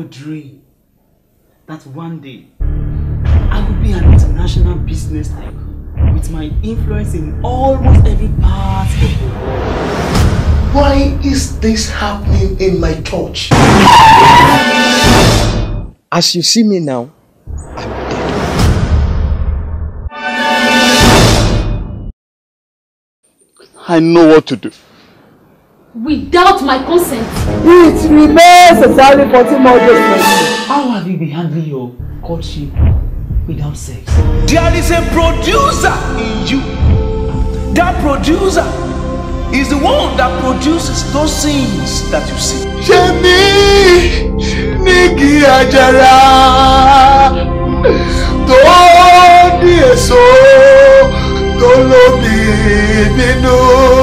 a dream that one day I will be an international business tycoon with my influence in almost every part of the world. Why is this happening in my church? As you see me now, I'm dead. I know what to do. without my consent. It remains entirely 14 more days. How have you been handling your courtship without sex? There is a producer in you. That producer is the one that produces those things that you see. Jenny Nigi Ajara tó ní èso tó lómi nínú.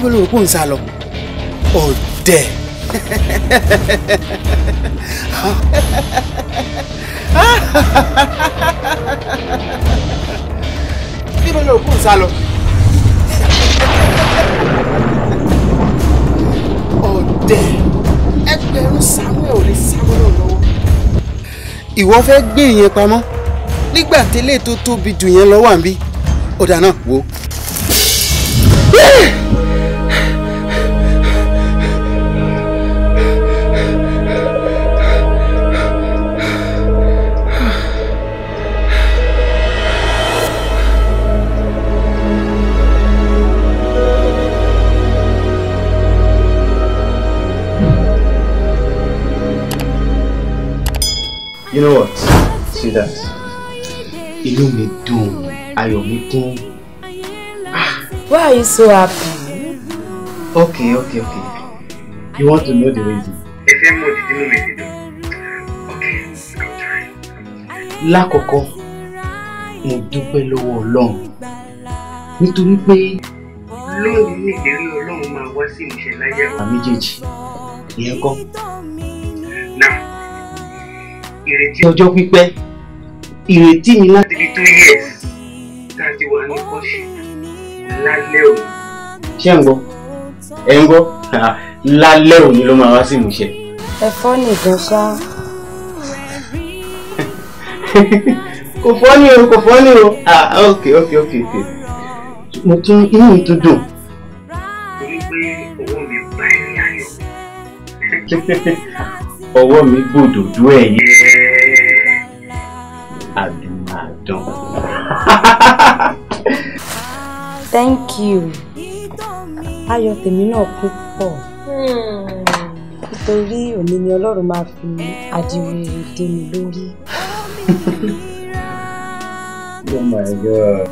níbo ló rò pé òun sá lọ ọ̀dẹ̀ níbo ló rò pé òun sá lọ ọ̀dẹ̀ ẹgbẹ̀rún Samuel ò lè Samuel lọ́wọ́. ìwọ fẹ́ gbé ìyẹn pamọ́ nígbà tí ilé tó tóbi jù yẹn lọ wà ń bí ọ̀dà náà wò ó You know what? See that? Inú mi dùn, ayọ̀ mi kún. Ah. Why are you so happy? Okay, okay, okay. You want to know the reason? Ẹsẹ̀ mú òdìdí mú mi ti dùn. Okay, I'm trying. Lákọ̀ọ́kọ́, mo dúpẹ́ lọ́wọ́ Ọlọ́run nítorí pé lónìí nìdérí Ọlọ́run máa wá sí ìmúṣẹ láyé àwọn méjèèjì. Ìyẹn kọ́. àti ọjọ́ pípẹ́ ìrètí mi láti fi tó yẹ láti wà ní kọ́ṣì lálẹ́ òní. ṣé ń gbọ́ ẹ ń gbọ́ lálẹ́ òní ló máa wá sí ìmúṣẹ. ẹ̀fọ́ nìkan ṣá. kò fọ́ ni o kò fọ́ ni o ah ok ok ok ok mo tún inú mi tún dùn. torí pé owó mi bá ẹ̀rín ayọ̀. ọwọ́ mi gbòdòdó ẹ̀yẹ. Abímbadàn. thank you ayọ̀ tèmi náà púpọ̀ nítorí òní ni ọlọ́run máa fi adìrere dé mi lórí. oh my god.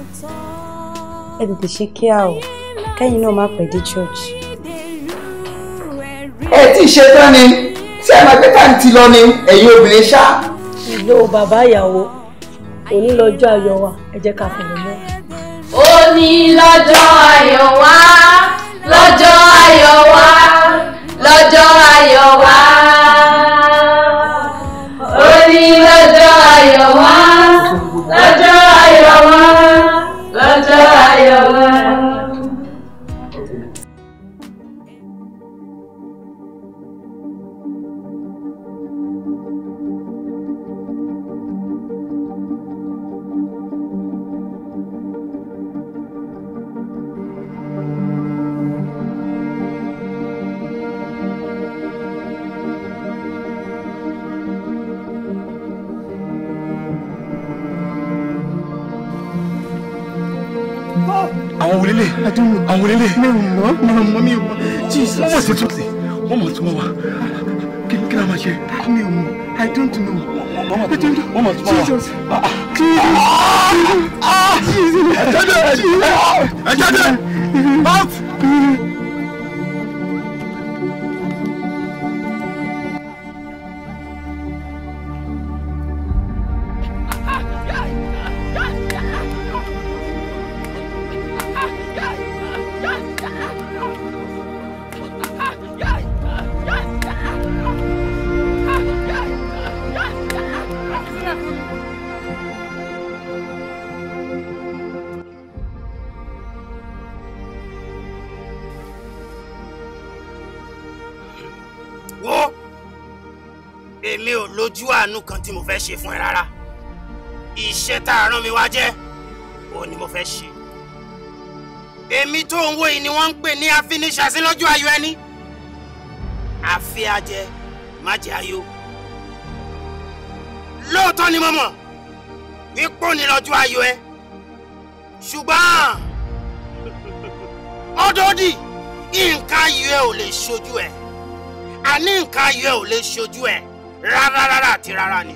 ẹ tètè ṣe kíá o kẹ́yìn náà má pẹ́ dé church. ẹ tí ì ṣetán ni tí ẹ máa gbé tàǹtì lọ ni ẹ̀yin obìnrin ṣá. ìlò bàbá ìyàwó òní lọ́jọ́ ayọ̀ wa ẹ jẹ́ ká fọ̀rọ̀ mọ́. òní lọ́jọ́ ayọ̀ wa lọ́jọ́ ayọ̀ wa lọ́jọ́ ayọ̀ wa òní ayọ̀ wa. àwọn wọlé àwọn wọlé mi ò mọ mi Jesus wọ́n mọ̀ sí túnṣe wọ́n mọ̀ tí wọ́n wà kí kí la máa ṣe. mi ò mọ I don't know. wọ́n mọ̀ tí wọ́n wà Jesus ah, ah. Jesus ah, Jesus. ẹ àánú kan tí mo fẹ́ ṣe fún ẹ rárá iṣẹ́ tá a rán mi wá jẹ́ òun ni mo fẹ́ ṣe èmi tó ń wò yìí ni wọ́n ń pè ní afiniṣasí lọ́jọ́ ayọ̀ ẹni àfi ajẹ má jẹ ayọ̀ lóòótọ́ ni mo mọ̀ wípò ní lọ́jọ́ ayọ̀ ẹ ṣùgbọ́n ọdọọdì nǹkan ayọ̀ ẹ ò lè ṣojú ẹ àní nǹkan ayọ̀ ẹ ò lè ṣojú ẹ rárá rárá àti rárá ni.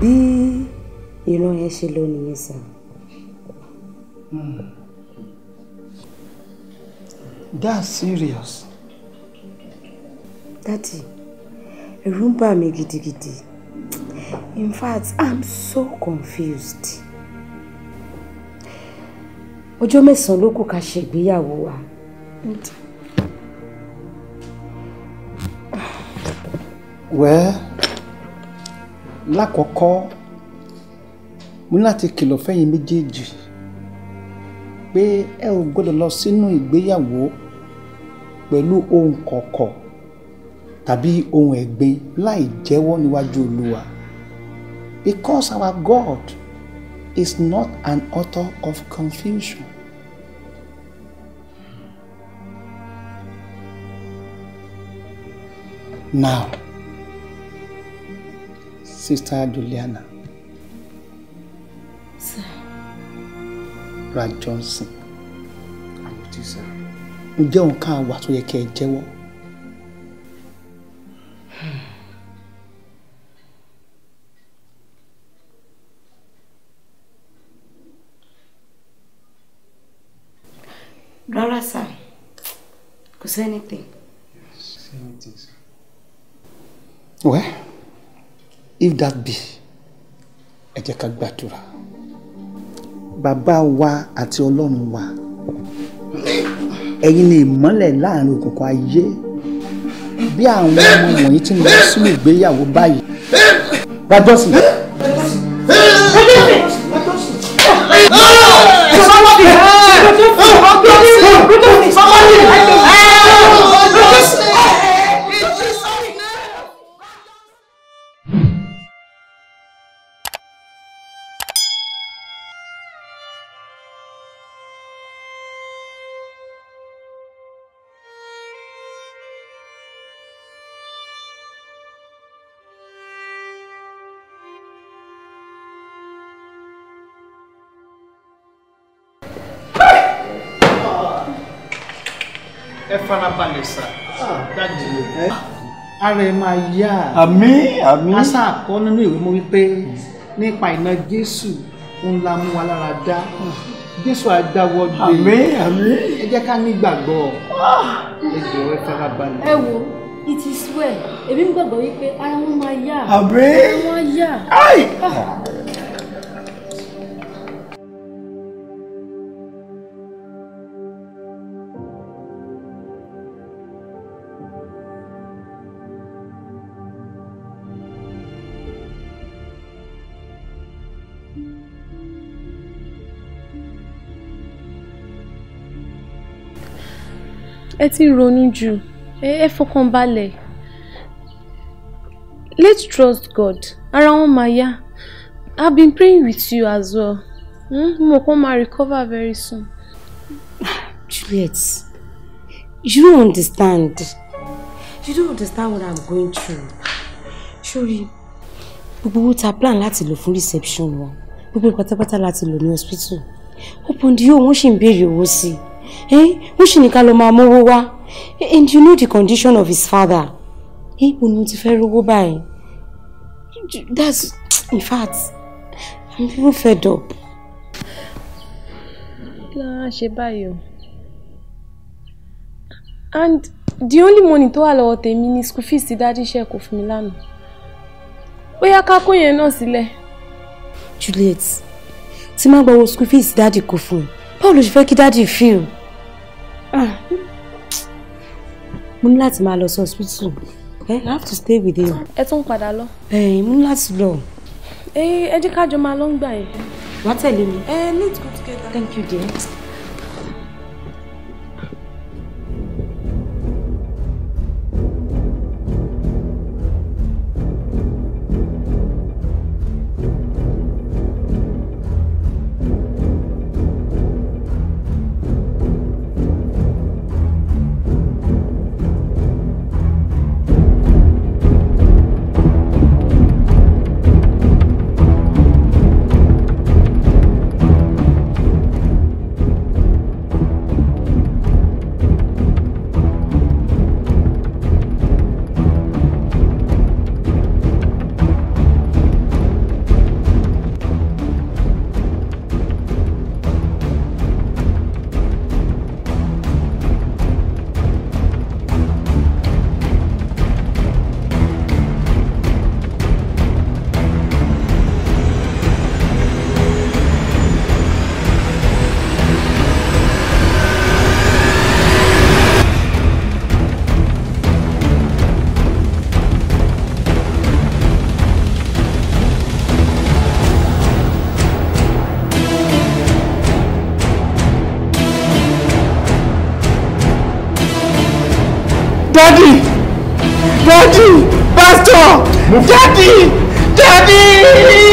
bí ìran yẹn ṣe lọ nìyẹn sàn. That's serious. Daddy, ẹ̀rù ń bà mí gidigidi. In fact, I'm so confused. Ọjọ́ mẹ́sàn-án ló kù ká ṣègbéyàwó wa. Well, lákọ̀ọ́kọ́ mo láti kìlọ̀ fẹ́yìn méjèèjì pé ẹ ò gbọ́dọ̀ lọ sínú ìgbéyàwó pẹ̀lú ohun kọ̀kọ̀ tàbí ohun ẹ̀gbin láì jẹ́wọ́ níwájú Olúwa because our God is not an author of confusion. Now, Sister Juliana. Sir. Deborah Johnson. àwòtí sá. ǹjẹ́ òun ká wà tó yẹ kẹ́ ẹ jẹ́wọ́. rárá sá kò sẹ́ni tẹ̀. sẹ́ni tẹ̀ well if that be ẹ jẹ́ ká gbàdúrà bàbá wa àti ọlọ́run wa ẹ̀yin ni ìmọ́lẹ̀ láàrin òkùnkùn ayé bí àwọn ọmọ wọ̀nyí ti ń lọ sínú ìgbéyàwó báyìí gbàjọ́sìn. Somebody! Somebody! Somebody! ara ẹ máa yá àmín àmín asa àkọ́ nínú ìwé mọ́ wípé nípa iná Jésù ń la mú wa lára dá Jésù àdáwọ́ dé àmín ẹ jẹ́ ká nígbàgbọ́ ah. ẹ jọ̀ọ́ ẹ fara balẹ̀. ẹ wo it is well èmi ń gbàgbọ́ wípé ara wọn máa yá ara wọn á yá. ẹ ti ronú jù ẹ fọkàn balẹ̀ let's trust God ara wọn máa yá I've been praying with you as well hmm? mo kàn máa recover very soon. Juliet you don't understand you don't understand what I'm going through sori gbogbo owó ta plan láti lò fún reception wa gbogbo pátápátá láti lò ní hospital open the hole wọ́n sì ń béèrè owó sí i eh? ó sì ní ká máa mówó wá and you know the condition of his father eh? bó ni mo ti fẹ́ rówó báyìí that's in fact i'm even fed up. lára ṣe báyìí o and the only money tó wà lọ́wọ́ tèmi ni school fees tí dájú iṣẹ́ kò fún mi lánàá bóyá ká kó yẹn náà sílẹ̀. Juliet tí má gbọ́wọ́ school fees dáàdì kò fún un báwo ló ṣe fẹ́ kí dáàdì feel mo ní láti máa lọ sí hospital I have to stay with him. ẹ tún padà lọ. ẹ mo ní láti lọ. ẹ ẹ jẹ́ ká jọ máa lọ ń gbà yẹn. wá tẹ̀lé mi. ẹ let's go together. thank you dear. Daddy, Daddy, pastor Daddy, Daddy.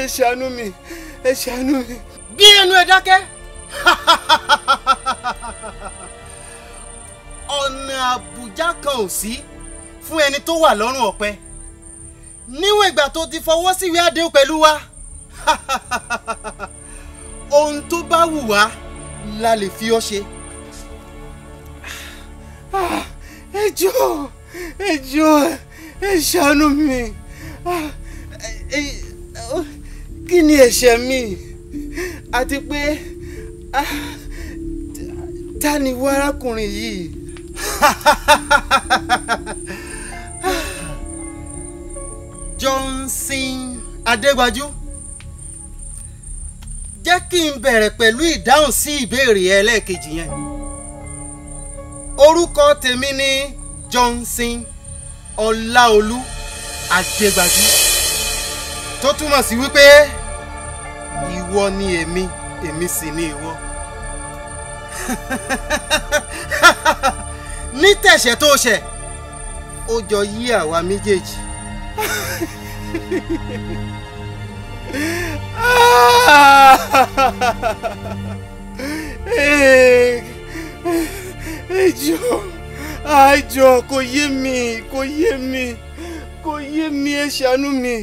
ṣe ṣàánú mi ẹ ṣàánú mi. bí ẹnu ẹ dákẹ́ ọ̀nà àbújá kan ò sí fún ẹni tó wà lọ́rùn ọ̀pẹ níwọ̀n ìgbà tó ti fọwọ́ síwé àdéhùn pẹ̀lú wa ohun tó bá wù wá la lè fi ọ́ ṣe. Ah, ẹ jọ̀ọ́ ẹ jọ̀ọ́ ẹ ṣàánú mi. Ah kí ni ẹ̀ṣẹ̀ mi àti pé ta ni wá arákùnrin yìí. Johnson Adégbájú jẹ́ kí n bẹ̀rẹ̀ pẹ̀lú ìdáhùn sí ìbéèrè ẹlẹ́ẹ̀kejì yẹn orúkọ tèmi ni Johnson Ọláolú Adégbájú tó túmọ̀ sí wípé ìwọ ni èmi èmi sì ni ìwọ. ní tẹ̀sẹ̀ tó ṣẹ̀ ó jọ yí àwa méjèèjì. ẹjọ àjọ kò yé mi kò yé mi kò yé mi ẹ ṣàánú mi.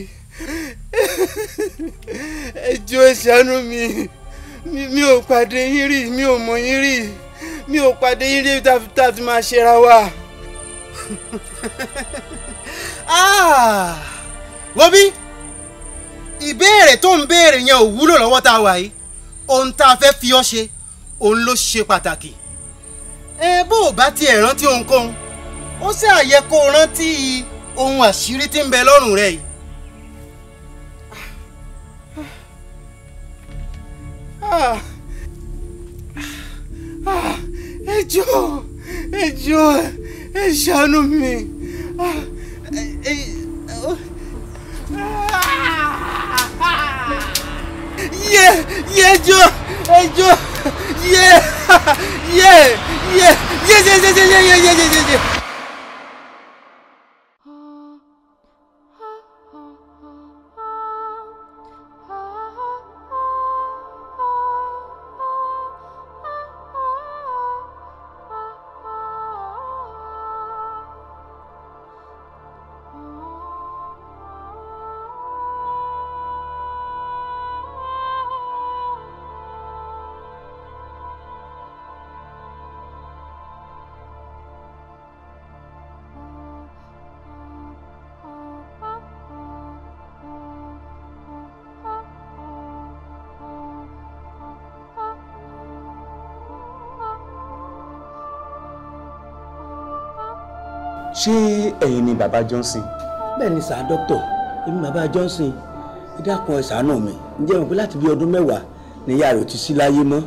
ẹjọ́ ìṣàánú mi mi ò pàdé yín rí mi ò mọ̀ yín rí mi ò pàdé yín rí tá a fi máa ṣera wa. Ah! wọ́n bí ìbéèrè tó ń béèrè yẹn ò wúlò lọ́wọ́ tá a wà yìí ohun tá a fẹ́ fi ọ́ ṣe òun ló ṣe pàtàkì ẹ bó o bá tiẹ̀ rántí ohunkóhun ó ṣàyẹ kó rántí ohun àṣírí tí ń bẹ lọ́rùn rẹ yìí ẹ jọ̀ọ́ ẹ jọ̀ọ́ ẹ ṣàánú mi. Yeah! Ah. Oh. Yeah, Joe! Hey Joe! Yeah! Yeah! Yeah! Yeah! Yeah! Yeah! Yeah! Yeah! Yeah! Yeah! ṣé ẹ̀yin ni bàbá Johnson. bẹ́ẹ̀ ni sàá dọ́kítọ̀ èmi bàbá Johnson ẹ dákun ẹ ṣàánú mi ǹjẹ́ mọ̀ pé láti bí ọdún mẹ́wàá ni ìyá rẹ̀ ti sí láyé mọ́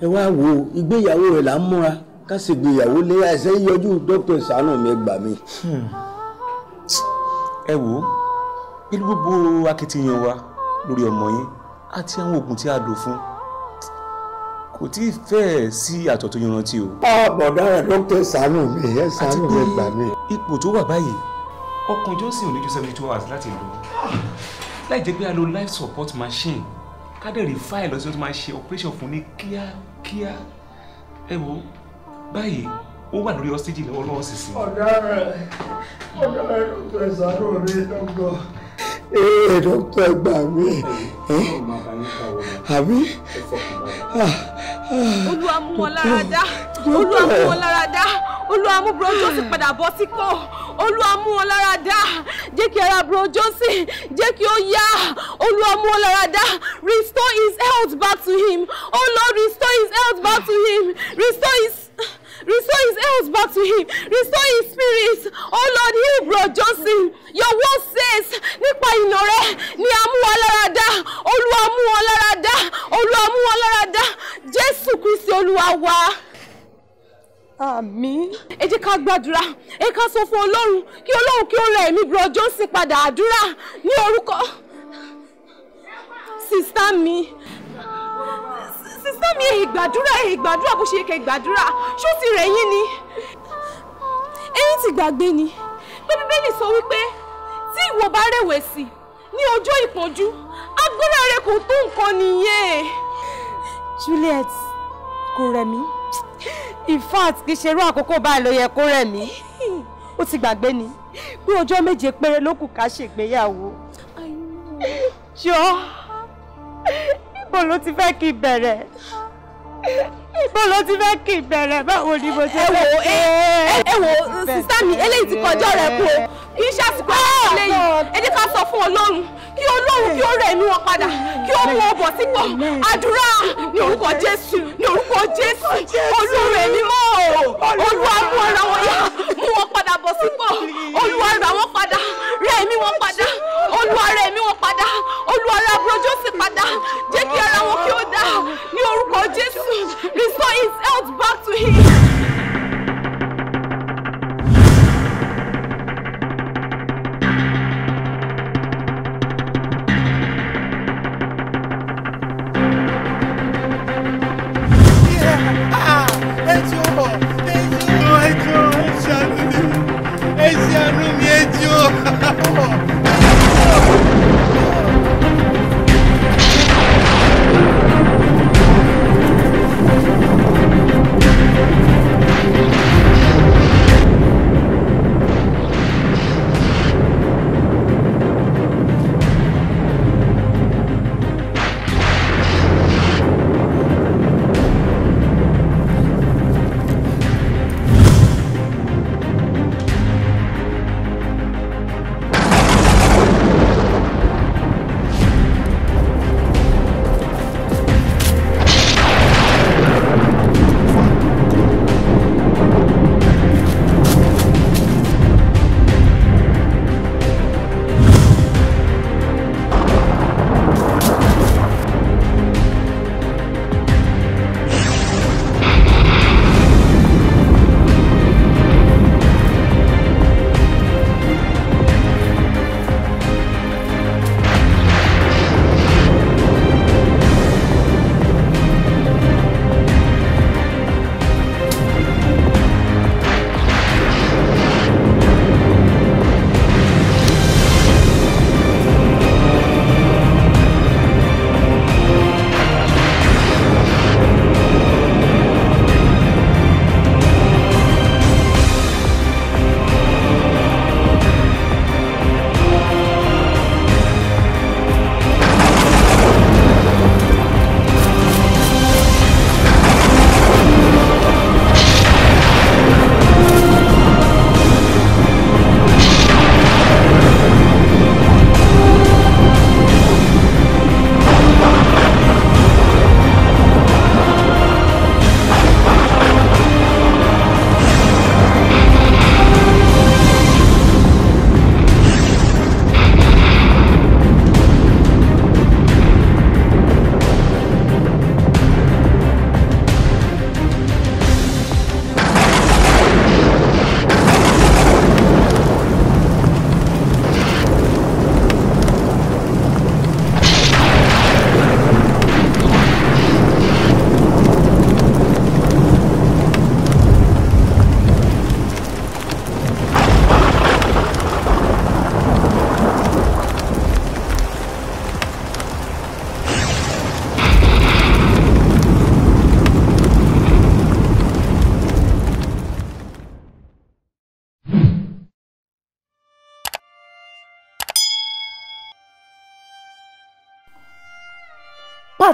ẹ wá wo ìgbéyàwó rẹ̀ là ń múra ká sì gbéyàwó lé ẹsẹ̀ yíyọjú dọ́kítọ̀ ẹ ṣàánú mi ẹ gbà mí. Hmm. ẹ wo pẹ̀lú gbogbo akitiyan wa lórí ọmọ yín àti àwọn oògùn tí a lò fún un kò tí ì fẹ́ẹ̀ sí àtọ̀ tó yanrantí o. Ah, bọ̀dá rẹ̀ dókítà ṣàánú mi ẹ ṣàánú mi gbà mí. ipò tó wà báyìí ọkùnrin johnson ò ní ju seventy two hours láti lò láì jẹ́ pé a lo life support machine kádẹ́rì fáìlì lọ sí ọtún máa ṣe operation fún ní kíákíá ẹ wo báyìí ó wà lórí ọ́sítíjì lọ́wọ́lọ́wọ́ sísìn. ọ̀dà rẹ̀ ọ̀dà rẹ̀ dókítà ìsàánú rẹ̀ dókítà ee dókítà gbà mí àbí olúwa mú wọn lára dá bro johnson padà bọ́ sípò olúwa mú wọn lára dá jẹ́ kí ara bro johnson jẹ́ kí ó yá olúwa restore his health back to him oh lord restore his health back to him restore his Restore his health back to him. Restore his spirit. Oh Lord, heal bro Johnson. Your word says, nípa ìnà rẹ ni a mú wa láradá. Olúwa mú wa láradá. Olúwa mú wa láradá. Jésù Kristi Olúwa wa. Àmín. Ẹ jẹ́ ká gbàdúrà, ẹ ká sọ fún Ọlọ́run kí Ọlọ́run kí ó rẹ ẹ̀mí bro Johnson padà àdúrà ní orúkọ. Sista mi sísá mi èyí gbàdúrà èyí gbàdúrà bó ṣe kẹ gbàdúrà ṣó ti rẹ̀ yín ni. ẹ̀yin ti gbàgbé ni pé bíbélì sọ wípé tí ìwọ bá rẹ̀wẹ̀sì ní ọjọ́ ìpọ́njú agbára rẹ kò tó nǹkan nìyẹn. Juliet kò rẹ̀ mí in fact kì í ṣerú àkókò báyìí ló yẹ kó rẹ̀ mí ó ti gbàgbé ni pé ọjọ́ méje péré ló kù ká ṣègbéyàwó. jọ bó ló ti fẹ́ kí bẹ̀rẹ̀ bó ló ti fẹ́ kí bẹ̀rẹ̀ báwo ni mo ṣe fẹ́ kí bẹ̀rẹ̀. ẹ wo sísá mi eléyìí ti kọjọ rẹ kú o kì í ṣàsìkò oh eléyìí ẹ jẹ́ ká sọ fún Ọlọ́run kí Ọlọ́run kí ó rẹ̀ inú wọn padà kí ó mú ọbọ̀ sípò àdúrà ní orúkọ Jésù ní orúkọ Jésù Olúwa ẹ̀mí mọ́ o Olúwa mú ọ̀rọ̀ wọn yá wọn padà bọ̀ sípò olúwa rà wọn padà rẹ ẹ̀mí wọn padà olúwa rẹ ẹ̀mí wọn padà olúwa rẹ àbúròjò sì padà jẹ́ kí ara wọn kí ó dá ní orúkọ jésù restore his health back to him. Yeah. Ah, it's ah, Ну Румянцев!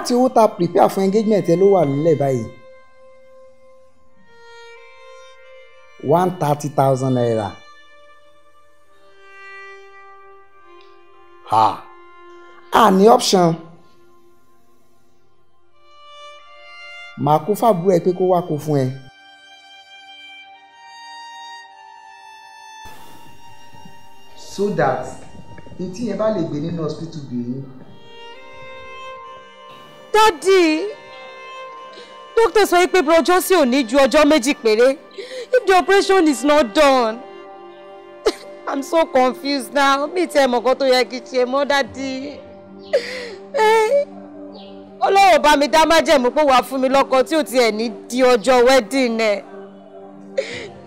àti owó tá prepare fún engagement ẹ ló wà nílẹ̀ báyìí one thirty thousand naira ha a ní option màá kó fàbúrò ẹ pé kó wá kó fún ẹ. so that ntí yẹn bá lè gbé nínú hospital bìíní dádì doctor sọ pé bro johnson ò ní ju ọjọ́ méjì péré if the operation is not done i'm so confused now mi tẹ mọ̀kọ́ tó yẹ kí n ṣe mọ́ dádì ọlọ́run bá mi dá májẹ̀mú pé wàá fún mi lọ́kọ tí ò tiẹ̀ ní di ọjọ́ wedding ẹ̀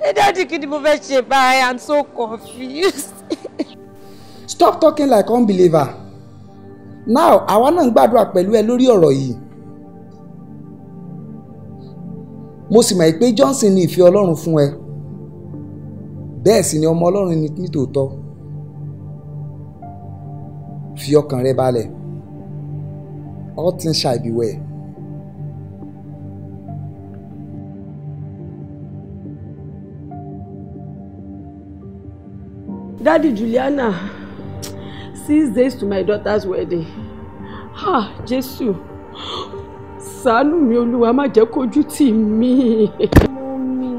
ẹ dádì kí ni mo fẹ́ ṣe báyìí i'm so confused. stop talking like unbeliever now àwa náà ń gbàdúrà pẹ̀lú ẹ lórí ọ̀rọ̀ yìí mo sì mọ̀ pé Johnson ní ìfẹ́ Ọlọ́run fún ẹ bẹ́ẹ̀ sì ni ọmọ Ọlọ́run ni nítòótọ́ fi ọkàn rẹ balẹ̀ all things shall be well. Daddy, Juliana six days to my daughter's wedding ah jésù ṣàánú mi olúwa má jẹ́ kójú tì mí. mọ́mí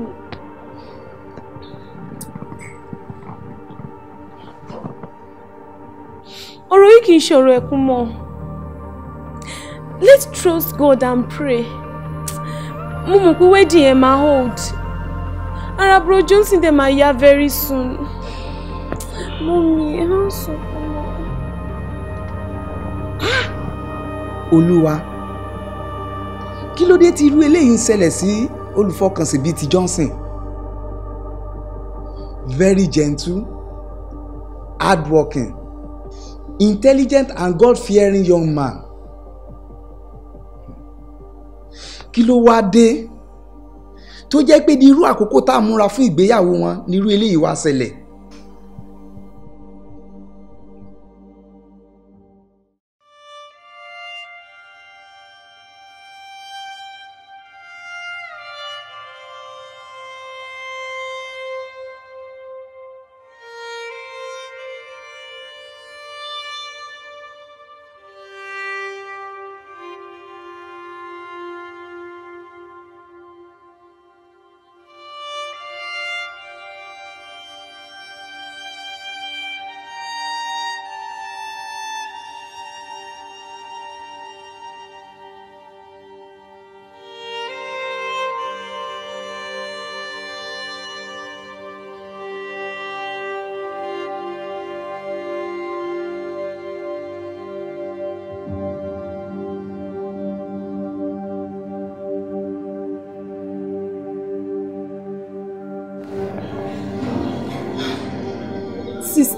ọ̀rọ̀ yìí kì í ṣe let's trust God and pray mo mọ̀ pé wedding ẹ̀ máa hold ara bro Johnson dẹ̀ máa yá very soon mọ́mí ẹ̀ máa ń sọ̀kọ́ olúwa kí ló dé tí irú eléyìí ń ṣẹlẹ̀ sí olùfọkànsìn bíi ti Johnson very gentle hardworking intelligent and God-fearing young man kí ló wá dé tó jẹ́ pé ní irú àkókò tá a múra fún ìgbéyàwó wọn ní irú eléyìí wá ṣẹlẹ̀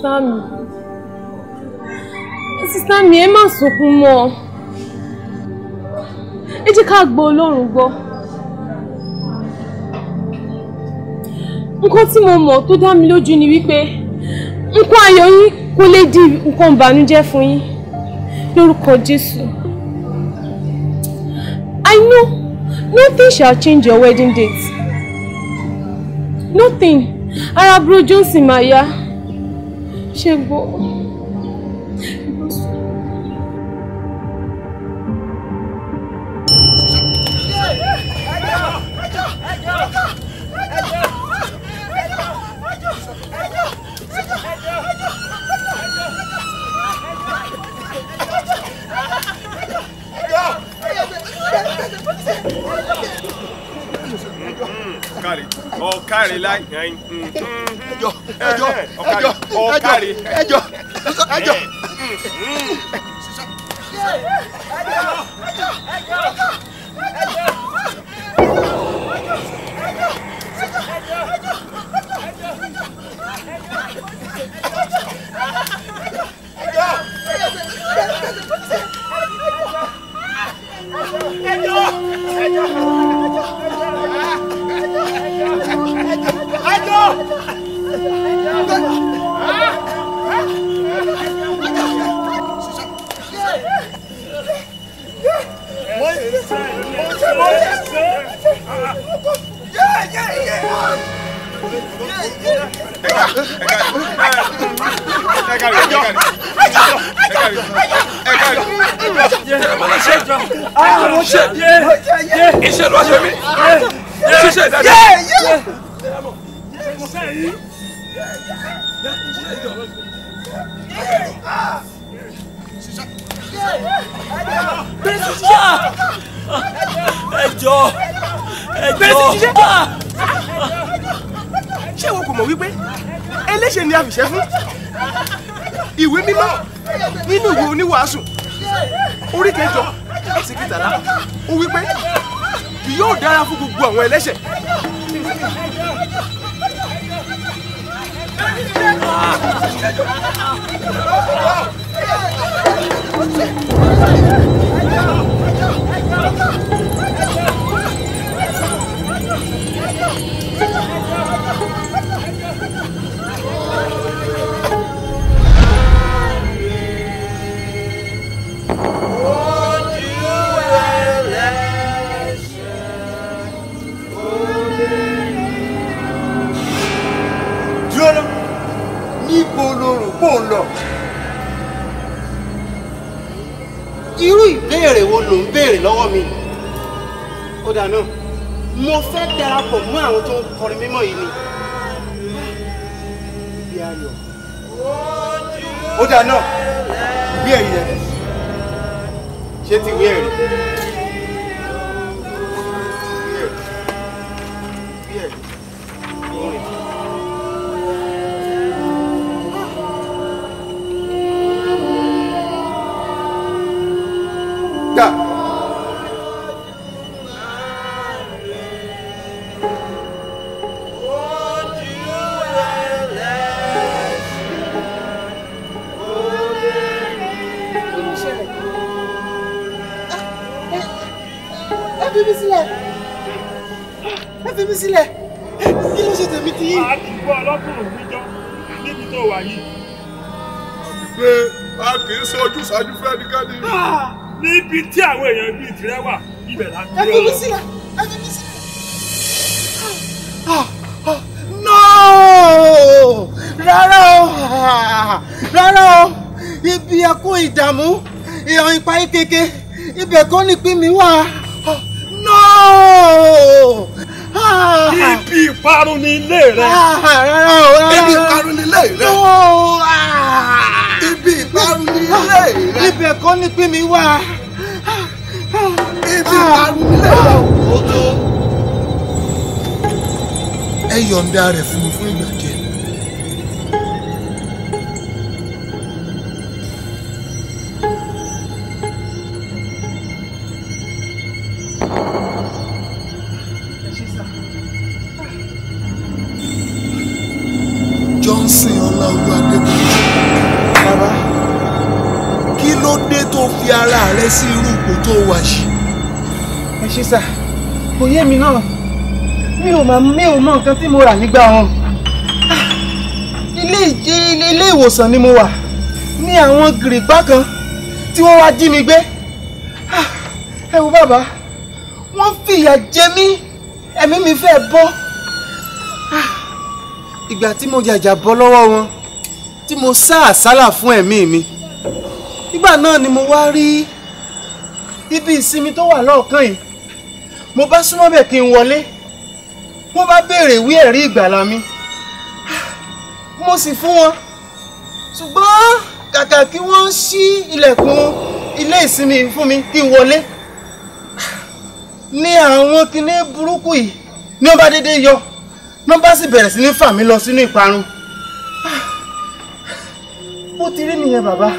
sísá mi sísá mi ẹ má sunkún mọ́ ẹ jẹ́ ká gbọ́ Ọlọ́run gbọ́ nǹkan tí mo mọ̀ tó dá mi lójú ni wípé nǹkan ayọ̀ yín kò lè di nǹkan ìbànújẹ́ fún yín lórúkọ Jésù I know nothing shall change your wedding date nothing ara bro Johnson máa yá. ṣe gbọ́. ọ̀kàrẹ̀ láì ẹjọ́ ẹjọ́ ẹjọ́. ẹjọ ẹjọ ẹjọ. tẹ̀lẹ́mọ́lá ṣe iṣẹ́ ló ṣe mí ṣiṣẹ́ ìdájọ́ ẹjọ́ ẹjọ́ ṣé wọn kò mọ̀ wípé eléṣe ni a fìṣẹ́ fún ìwé mímọ́ nínú ìwé oníwàásù orí kẹjọ ẹsẹ̀ kẹtàlá ó wí pé kì yóò dára fún gbogbo àwọn ẹlẹ́ṣẹ̀. Thank you. níbo lo rò pò ń lọ irú ìbéèrè wo ló ń béèrè lọ́wọ́ mi ó dà náà mo fẹ́ darapọ̀ mọ́ àwọn tó ń kọrin mímọ́ yìí ni bí ayọ̀ ó dà náà bí ẹ̀yìn rẹ̀. Gente weird. ibi tí àwọn èèyàn bíi tirẹ̀ wà ibẹ̀ la ń gbé ọ no rárá o rárá o ibi ẹkún ìdààmú ìhàn ìpayé keke ibẹ̀ kọ́ nípín mi wà no. ibi ìparun ni ilé rẹ. Ah, rárá o rárá ibi ìparun ni ilé rẹ. Ah! ibi ìparun ni ilé rẹ. ibẹ̀ kọ́ nípín mi wà ibi ìpanilẹ̀ ìyàwó tó ẹ yọ̀ǹda rẹ̀ fún mi fún ìgbà sà kò yé mi náà mi ò máa mi ò mọ nǹkan tí mo rà nígbà wọn ilé ilé ìwòsàn ni mo wà ní àwọn gìrìpá kan tí wọ́n wá jí mi gbé ah, ẹ wo bàbá wọ́n fìyà jẹ mí ẹ̀mí mi fẹ́ bọ́ ah, ìgbà tí mo jàjà bọ́ lọ́wọ́ wọn tí mo sá àsálà fún ẹ̀mí mi nígbà náà ni mo wá rí ibi ìsinmi tó wà lọ́ọ̀kan yìí mo bá súnmọ́ bẹ̀ kí n wọlé mo bá béèrè ìwé ẹ̀rí ìgbàlà mi mo sì fún wọn ṣùgbọ́n kàkà kí wọ́n ṣí ilẹ̀kùn ilé ìsinmi fún mi kí n wọlé ní àwọn kinní burúkú yìí ni wọ́n bá dédé yọ ni wọ́n bá sì bẹ̀rẹ̀ sí ní fà mí lọ sínú ìparun bó ti rí nìyẹn bàbá.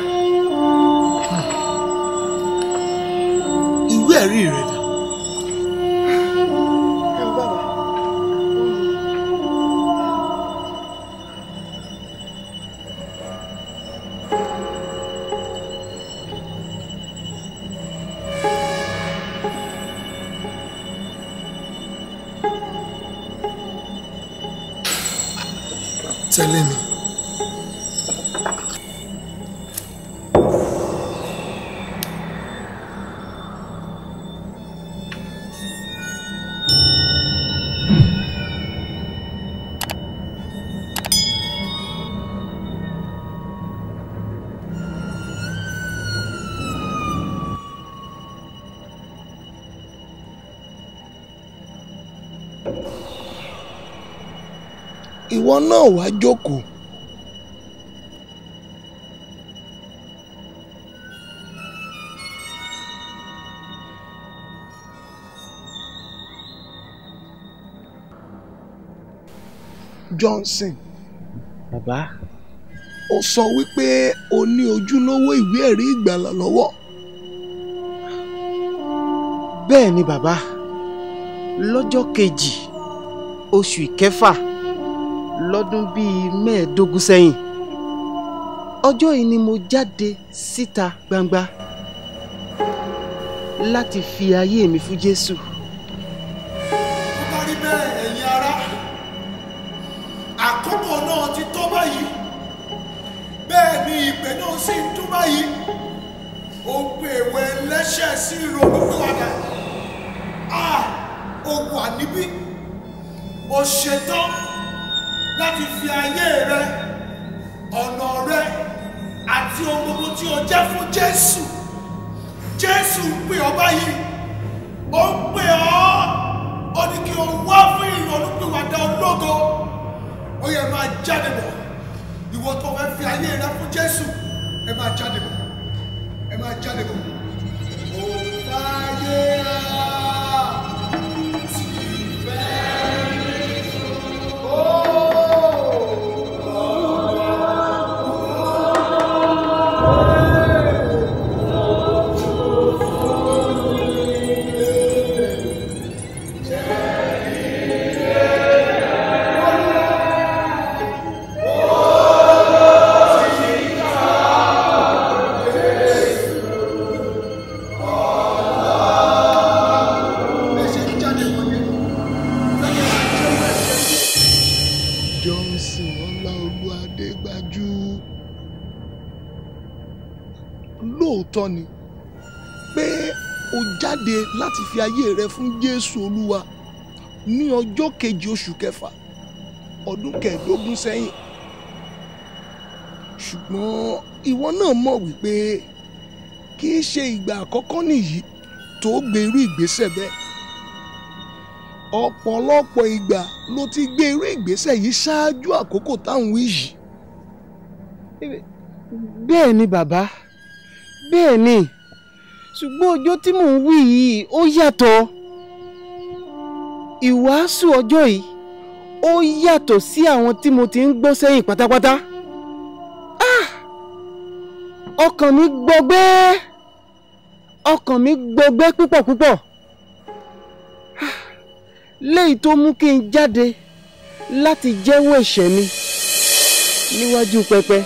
ìwé ẹ̀rí rẹ̀ àwọn náà wá jókòó. Johnson. bàbá. ó sọ wípé o ní ojúlówó ìwé ẹ̀rí ìgbàlà lọ́wọ́. bẹ́ẹ̀ ni bàbá lọ́jọ́ kejì oṣù ìkẹfà lọ́dún bíi mẹ́ẹ̀ẹ́dógún sẹ́yìn ọjọ́ yìí ni mo jáde síta gbangba láti fi ayé mi fún Jésù. ó bá rí bẹ́ẹ̀ ẹ̀yin ará àkókò náà ti tó báyìí bẹ́ẹ̀ ni ìpè náà sì ń dún báyìí ó pè wẹ lẹ́sẹ̀ sí ìrònúpìwàdà a ó wà níbí ó ṣetán láti fi ayé rẹ ọ̀nà rẹ àti ohun gbogbo tí o jẹ́ fún Jésù Jésù pè ọ́ báyìí ó ń pè ọ́ ó ní kí o wá fún ìrònúpìwàdà ológo ó yẹ máa jáde bọ̀ ìwọ tó fẹ́ fi ayé rẹ fún Jésù ẹ máa jáde bọ̀ ẹ máa jáde bọ̀ ó fàyè rẹ. fún jésù olúwa ní ọjọ́ kejì oṣù kẹfà ọdún kẹẹ̀ẹ́dógún sẹ́yìn ṣùgbọ́n ìwọ náà mọ̀ wípé kì í ṣe ìgbà àkọ́kọ́ nìyí tó gbé irú ìgbésẹ̀ bẹ́ẹ̀ ọ̀pọ̀lọpọ̀ ìgbà ló ti gbé irú ìgbésẹ̀ yìí ṣáájú àkókò táwọn wí yìí. bẹ́ẹ̀ ni bàbá bẹ́ẹ̀ ni ṣùgbọ́n ọjọ́ tí mò ń wí yìí ó yàtọ̀ ìwàásù ọjọ́ yìí ó yàtọ̀ sí àwọn tí mo ti ń gbọ́ sẹ́yìn pátápátá ah! ọkàn mi gbọgbẹ́ ọkàn mi gbọgbẹ́ púpọ̀ púpọ̀ ah! léyìí tó mú kí n jáde láti jẹ́wọ́ ẹ̀ṣẹ̀ mi níwájú pẹpẹ.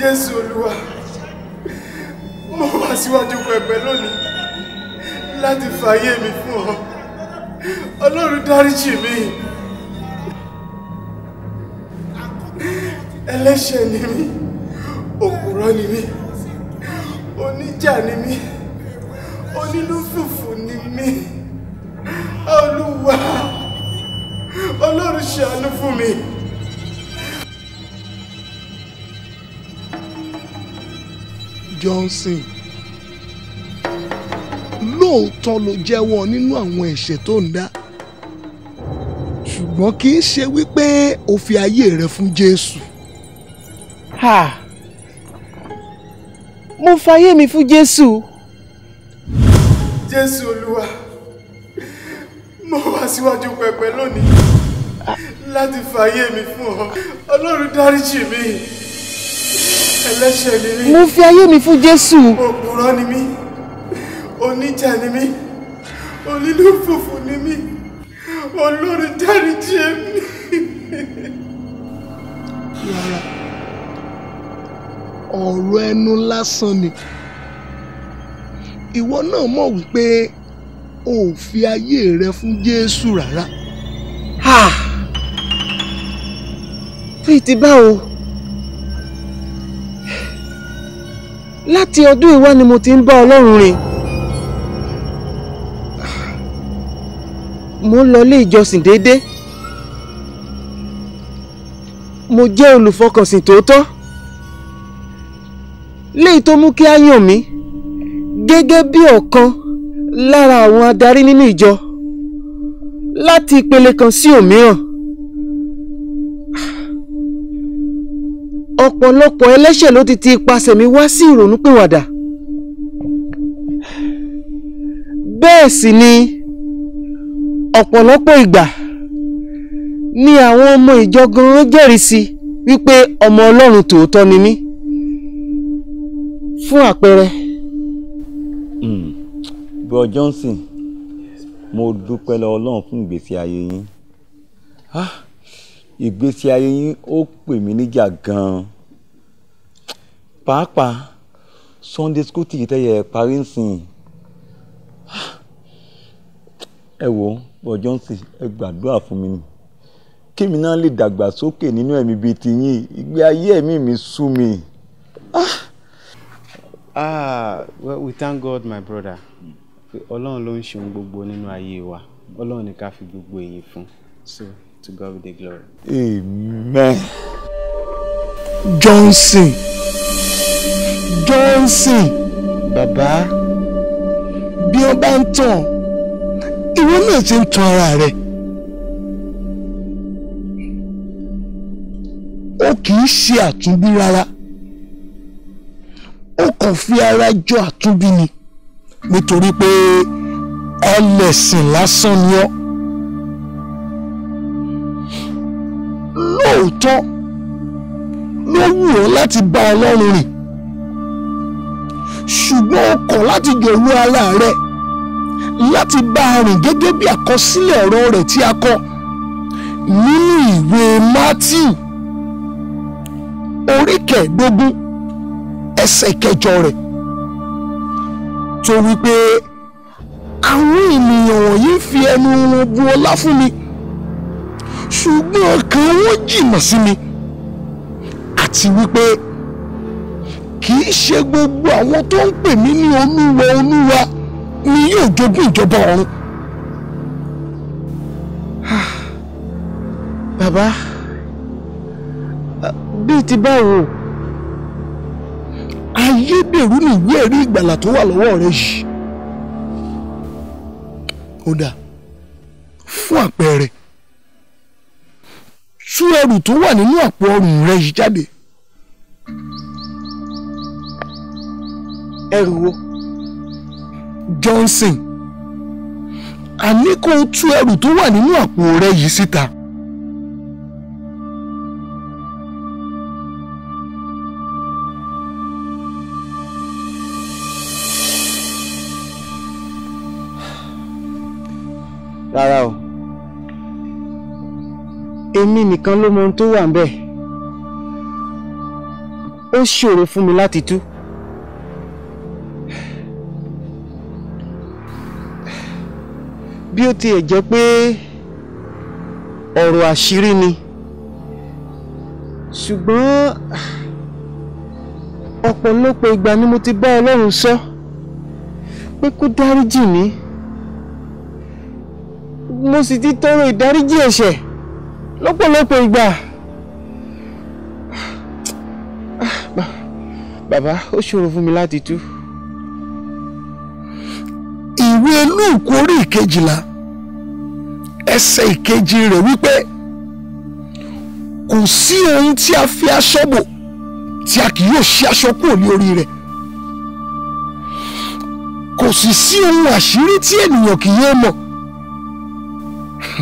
jésù olúwa mo wá síwájú pẹpẹ lónìí láti fàyè mi fún ọ ọlọ́run dáríjì mi ẹlẹ́ṣẹ̀ ni mí òpùrọ́ ni mí oníjà ni mí onínúfùfù ni mí olúwa ọlọ́run ṣàánú fún mi. Johnson lóòótọ́ ló jẹ́wọ́ nínú àwọn ẹ̀ṣẹ̀ tó ń dá ṣùgbọ́n kì í ṣe wípé o fi ayé rẹ fún Jésù. mo fayé mi fún Jésù. Jésù Olúwa mo wá síwájú pẹpẹ lónìí láti fayé mi fún ọ Ọlọ́run dáríjì mi ẹlẹ́ṣẹ̀ ni mí. mo fi ayé mi fún jésù. òpùrọ́ ni mí oníjà ni mí olílùfòfò ni mí olórí dáríjì mi. rárá ọ̀rọ̀ ẹnu lásán ni ìwọ náà mọ̀ wípé o ò fi ayé rẹ fún jésù rárá. bíi ti báwo. láti ọdún ìwá ni mo ti ń bá ọlọ́run rìn mo ń lọ ilé ìjọsìn déédéé mo jẹ́ olùfọkànsìn tòótọ́ léyìí tó mú kí á yàn mí gẹ́gẹ́ bí ọ̀kan lára àwọn adarí nínú ìjọ láti ìpele kan sí òmíràn. ọ̀pọ̀lọpọ̀ ẹlẹ́ṣẹ̀ ló ti ti ipasẹ̀ mi wá sí ìrònúpìwàdà bẹ́ẹ̀ sì ni ọ̀pọ̀lọpọ̀ ìgbà ni àwọn ọmọ ìjọ gan jẹ́rìí sí wípé ọmọ Ọlọ́run tòótọ́ ni mí fún àpẹẹrẹ. Hmm. bro Johnson mo dúpẹ́ lọ Ọlọ́run fún ìgbésí ayé yín ah, ìgbésí ayé yín ó pè mí níjà gan-an pàápàá sunday school tí ìtẹ́yẹ parí ń sìn ẹ wò bọ̀ johnson ẹ gbàdúrà fún mi ni kémi náà lè dàgbà sókè nínú ẹ̀mí bíi tiyín ìgbé ayé ẹ̀mí mi sú mi. ah well we thank God my brother ọlọ́run ló ń ṣe ohun gbogbo nínú ayé wa ọlọ́run ni ká fi gbogbo èyí fún so to God be the glory. amen. johnson. Johnson bàbá bí wọ́n bá ń tàn ìwọ náà ti ń tan ara rẹ̀ ó kì í ṣe àtúnbí rárá ó kàn fi ara jọ àtúnbí ni nítorí pé ẹlẹ́sìn lásán ni ọ́ lóòótọ́ ló wù ọ́ láti bá Ọlọ́run rìn ṣùgbọ́n o kọ̀ láti jòlú ara rẹ láti bá a rìn gẹ́gẹ́ bí àkọsílẹ̀ ọ̀rọ̀ rẹ̀ tí a kọ nínú ìwé Matthew orí kẹẹ̀ẹ́dógún ẹsẹ̀ kẹjọ rẹ̀ tó wípé àwọn ènìyàn wọ̀nyí fi ẹnu wọn bu ọlá fún mi ṣùgbọ́n ọkàn wọn jìnnà sí mi àti wípé kì í ṣe gbogbo àwọn tó ń pè mí ní olúwa olúwa ni yóò jogún ìjọba ọ̀run. bàbá bíi ti báwo ayédèrú ni ìwé ẹ̀rí ìgbàlà tó wà lọ́wọ́ rẹ yìí. ó dà fún àpẹẹrẹ tú ẹrù tó wà nínú àpò ọrùn rẹ yìí jáde. ẹrù wo. Johnson àní kó o tú ẹrù tó wà nínú àpò rẹ yìí síta. rárá o èmi nìkan ló mọ ohun tó wà ń bẹ̀ ó ṣòro fún mi láti tú. bí ó tiẹ̀ jẹ́ pé ọ̀rọ̀ àṣírí ni ṣùgbọ́n ọ̀pọ̀lọpọ̀ ìgbà ni mo ti bá Ọlọ́run sọ pé kó dáríjì mí mo sì ti tọrọ ìdáríjì ẹ̀ṣẹ̀ lọ́pọ̀lọpọ̀ ìgbà. bàbá ó ṣòro fún mi láti tú ìwé lúùkù orí ìkejìlá ẹsẹ̀ ìkejì rẹ̀ wípé kò sí ohun tí a fi aṣọ bò tí a kì yóò ṣí aṣọ kúrò ní orí rẹ̀ kò sì sí ohun àṣírí tí ènìyàn kì yóò mọ̀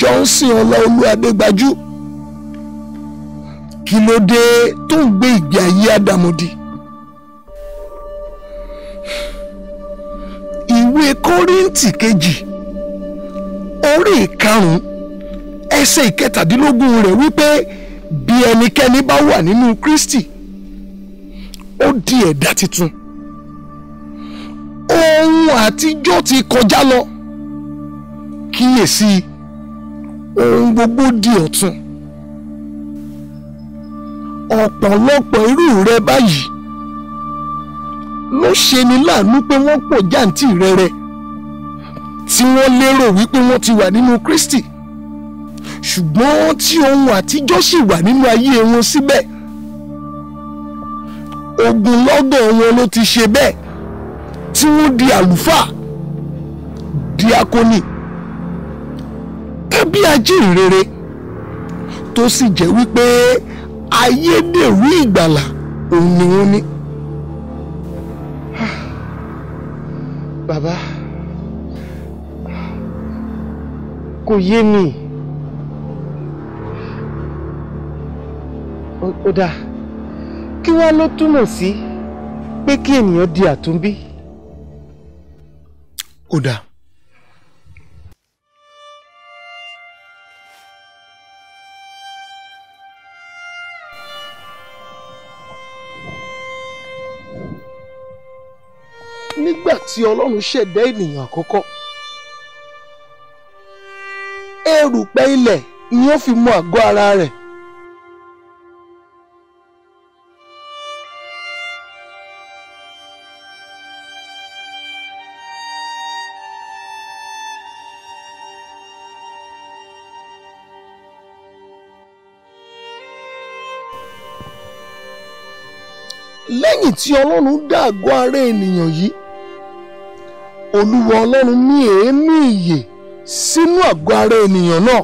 Johnson Ọláolú Adégbájú kí ló dé tó ń gbé ìgbé ayé àdàmọ̀dì ìwé kọ́ríńtì kejì orí ìkarùn-ún ẹsẹ̀ ìkẹtàdínlógún rẹ̀ wípé bí ẹnikẹ́ni bá wà nínú Kristi ó di ẹ̀dá tuntun ohun àtijọ́ ti kọjá lọ kíyèsí ohun gbogbo di ọ̀tun ọ̀pọ̀lọpọ̀ irú rẹ báyìí ló ṣe ni láàánú pé wọ́n pọ̀ jáǹtì rẹ̀rẹ̀ tí wọ́n lérò wípé wọ́n ti wà nínú Kristi ṣùgbọ́n tí ohun àtijọ́ sì wà nínú ayé wọn síbẹ̀ ogunlọ́gọ̀ wọn ló ti ṣe bẹ́ẹ̀ tí wọ́n di àlùfáà díákónì ẹbí ajínrere tó sì jẹ́ wípé ayédèrú ìgbàlà òun ni wọ́n ní. Baba, kò yé mi ó dáa kí wá ló túmọ̀ sí pé kí ènìyàn di àtúnbí. ó dáa tí ọlọ́run ṣẹ̀dá ènìyàn àkọ́kọ́ erùpẹ̀ ilẹ̀ ni ó fi mọ àgọ́ ara rẹ̀ lẹ́yìn tí ọlọ́run dá àgọ́ ara ènìyàn yìí olúwa ọlọ́run ní èémí ìyè sínú àgọ́ ara ènìyàn náà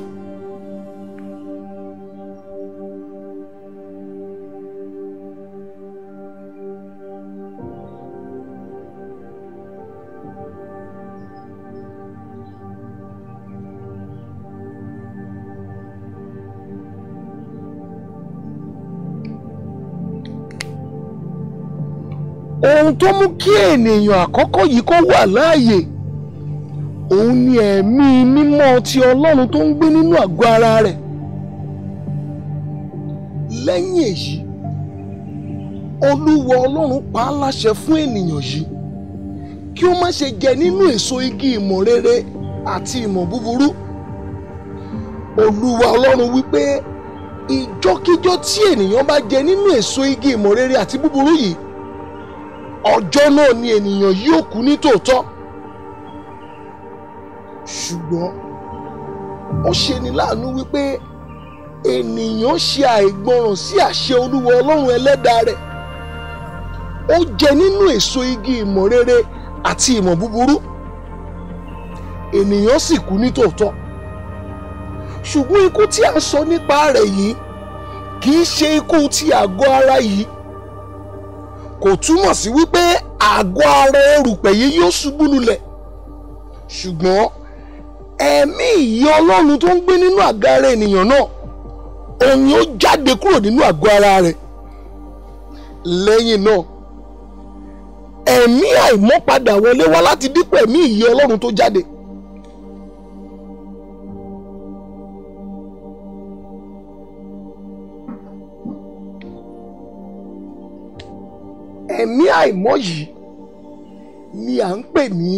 ohun tó mú kí ènìyàn àkọ́kọ́ yìí kó wà láàyè òun ni ẹ̀mí mímọ́ ti ọlọ́run tó ń gbé nínú àgọ́ ara rẹ̀ lẹ́yìn èyí olúwa ọlọ́run pa á láṣẹ fún ènìyàn yìí kí ó má ṣe jẹ nínú èso igi ìmọ̀ rere àti ìmọ̀ búburú olúwa ọlọ́run wípé ìjọ́kíjọ́ tí ènìyàn bá jẹ nínú èso igi ìmọ̀ rere àti búburú yìí ọjọ́ náà ni ènìyàn yóò kú ní tòótọ́ ṣùgbọ́n ó ṣe ni láàánú wípé ènìyàn ṣe àìgbọràn sí àṣẹ olúwa ọlọ́run ẹlẹ́dàá rẹ̀ ó jẹ nínú èso igi ìmọ̀ rere àti ìmọ̀ búburú ènìyàn sì kú ní tòótọ́ ṣùgbọ́n ikú tí a sọ nípa rẹ̀ yìí kì í ṣe ikú ti àgọ́ ara yìí kò túmọ̀ sí wípé àgọ́ ara erùpẹ̀ yìí yóò ṣubú lulẹ̀ ṣùgbọ́n ẹ̀mí ìyè ọlọ́run tó ń gbé nínú àgọ́ ara ènìyàn náà òun yóò jáde kúrò nínú àgọ́ ara rẹ̀ lẹ́yìn náà ẹ̀mí àìmọ́padà wọlé wá láti dípò ẹ̀mí ìyè ọlọ́run tó jáde ẹ̀mí àìmọ́ yìí ni à ń pè ní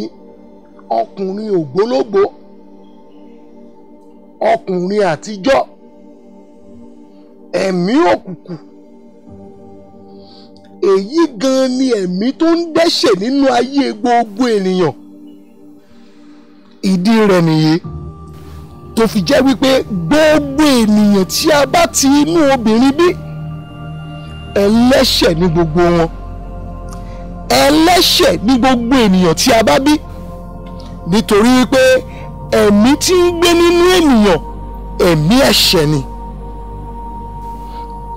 ọkùnrin ògbólógbò ọkùnrin àtijọ́ ẹ̀mí òkùnkùn èyí gan ni ẹ̀mí tó ń dẹ́ṣẹ̀ nínú ayé gbogbo ènìyàn ìdí rẹ̀ nìyí tó fi jẹ́ wípé gbogbo ènìyàn tí a bá ti inú obìnrin bí ẹlẹ́ṣẹ̀ ní gbogbo wọn ẹlẹ́ṣẹ̀ ní gbogbo ènìyàn tí a bá bí nítorí pé ẹ̀mí tí ń gbé nínú ènìyàn ẹ̀mí ẹ̀ṣẹ̀ ni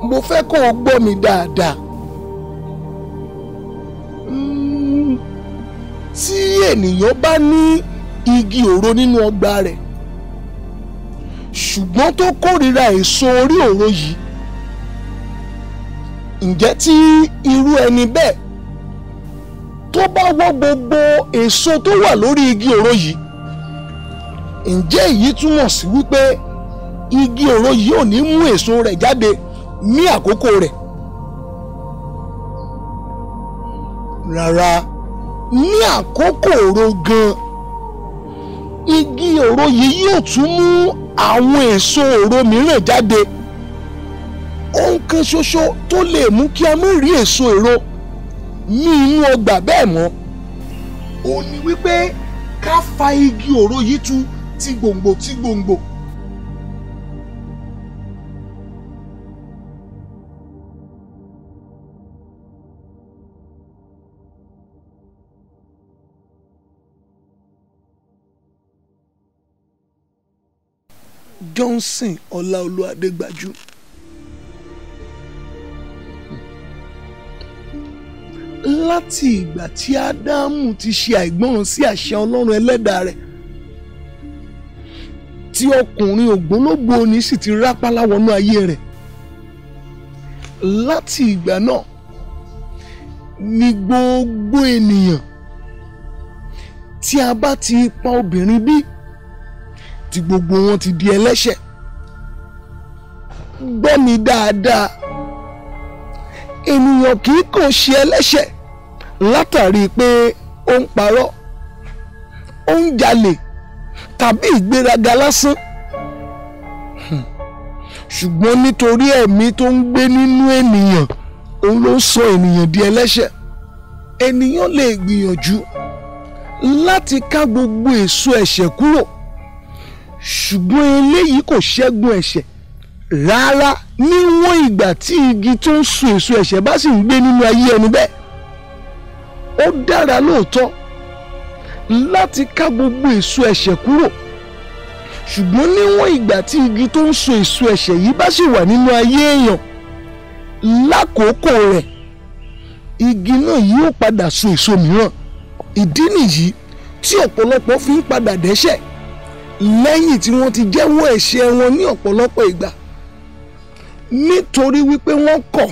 mo fẹ́ kó o gbọ́ mi dáadáa hmm, tí ènìyàn bá ní igi òro nínú ọgbà rẹ̀ ṣùgbọ́n tó kórìíra èso orí òro yìí ǹjẹ́ tí irú ẹni bẹ́ẹ̀ tó bá wọ́ gbogbo èso tó wà lórí igi òro yìí ǹjẹ́ èyí túmọ̀ sí wípé igi òro yìí ò ní mú èso rẹ̀ jáde ní àkókò rẹ̀ rárá ní àkókò òro gan igi òro yìí yóò tún mú àwọn èso òro mìíràn jáde ohun kan ṣoṣo tó lè mú kí a má rí èso òro ní inú ọgbà bẹ́ẹ̀ mọ́ ó ní wípé ká fa igi òro yìí tu ti gbòǹgbò ti gbòǹgbò. Johnson Ọláolú Adégbájú. láti ìgbà tí ádámù ti ṣe àìgbọràn sí àṣẹ ọlọ́run ẹlẹ́dàá rẹ̀ tí ọkùnrin ògbólógbò ni sì ti rápálá wọnú ayé rẹ̀ láti ìgbà náà ni gbogbo ènìyàn tí a bá ti pa obìnrin bí tí gbogbo wọn ti di ẹlẹ́ṣẹ̀ gbọ́ mi dáadáa ènìyàn kì í kàn ṣe ẹlẹ́ṣẹ̀ látàrí pé ó ń parọ́ ó ń jalè tàbí ìgbéraga lásán hmm. ṣùgbọ́n nítorí ẹ̀mí tó ń gbé nínú ènìyàn òun ló ń sọ ènìyàn di ẹlẹ́ṣẹ̀ ènìyàn lè gbìyànjú láti ká gbogbo èso ẹ̀ṣẹ̀ kúrò ṣùgbọ́n eléyìí kò ṣẹ́gun ẹ̀ṣẹ̀ rárá níwọ̀n ìgbà tí igi tó ń sun èso ẹ̀ṣẹ̀ bá sì ń gbé nínú ayé ẹni bẹ́ẹ̀ ó dára lóòótọ́ láti ká gbogbo èso ẹ̀ṣẹ̀ kúrò ṣùgbọ́n níwọ̀n ìgbà tí igi tó ń sun èso ẹ̀ṣẹ̀ yìí bá sì wà nínú ayé èèyàn lákòókò rẹ̀ igi náà yóò padà sun èso mìíràn ìdí nìyí tí ọ̀pọ̀lọpọ̀ fi ń padà dẹ́ṣẹ̀ lẹ́yìn tí wọ́n ti jẹ́wọ́ ẹ̀ṣẹ̀ wọn ní ọ̀pọ̀lọpọ̀ ìgbà nítorí wípé wọ́n kọ̀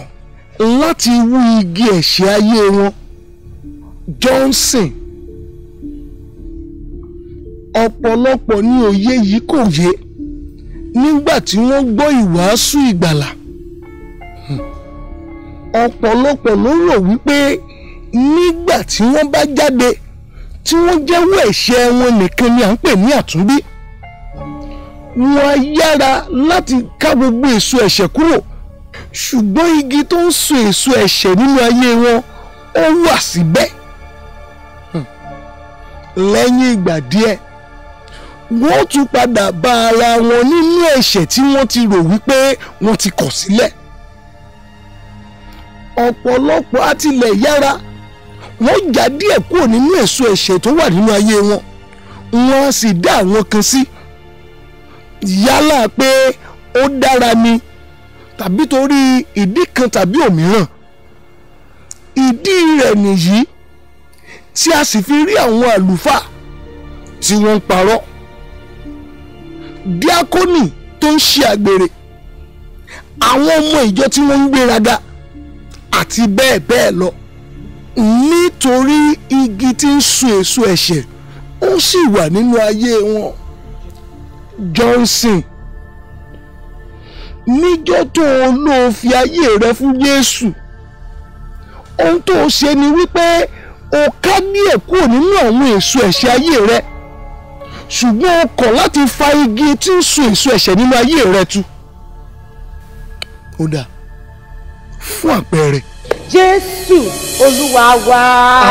láti wú igi ẹ̀ṣẹ̀ ayé wọn Johnson ọ̀pọ̀lọpọ̀ ní òye yìí kò yé nígbà tí wọ́n gbọ́ ìwàásù ìgbàlà ọ̀pọ̀lọpọ̀ ló rò wípé nígbà tí wọ́n bá jáde tí wọ́n jẹ́wọ́ ẹ̀ṣẹ̀ wọn nìkan ni à ń pè ní àtúnbí wọ́n yára láti ká gbogbo èso ẹ̀ṣẹ̀ kúrò ṣùgbọ́n igi tó ń so èso ẹ̀ṣẹ̀ nínú ayé wọn ó wà síbẹ̀ hmm. lẹ́yìn ìgbà díẹ̀ wọ́n tún padà bá ara wọn nínú ẹ̀ṣẹ̀ tí wọ́n ti rò wípé wọ́n ti kọ̀ sílẹ̀ ọ̀pọ̀lọpọ̀ àtìlẹ̀ yára wọ́n já díẹ̀ kúrò nínú èso ẹ̀ṣẹ̀ tó wà nínú ayé wọn wọ́n sì dá àwọn kan sí. Si yálà pé ó dára ni tàbí torí ìdí kan tàbí òmíràn ìdí rẹ̀ nìyí tí a sì fi rí àwọn àlùfáà tí wọ́n ń parọ́ díákónì tó ń ṣe àgbèrè àwọn ọmọ ìjọ tí wọ́n ń gbéraga àti bẹ́ẹ̀ bẹ́ẹ̀ lọ nítorí igi tí ń sun èso ẹ̀ṣẹ̀ ó sì wà nínú ayé wọn. Johnson níjọ́ tó o lò fi ayé rẹ fún Jésù ohun tó o ṣe ni wípé o ká ní ẹ̀kọ́ nínú àwọn èso ẹ̀ṣẹ̀ ayé rẹ ṣùgbọ́n o kọ̀ láti fa igi tí ń so èso ẹ̀ṣẹ̀ nínú ayé rẹ tu. ó dà fún àpẹẹrẹ. Jésù Olúwa wa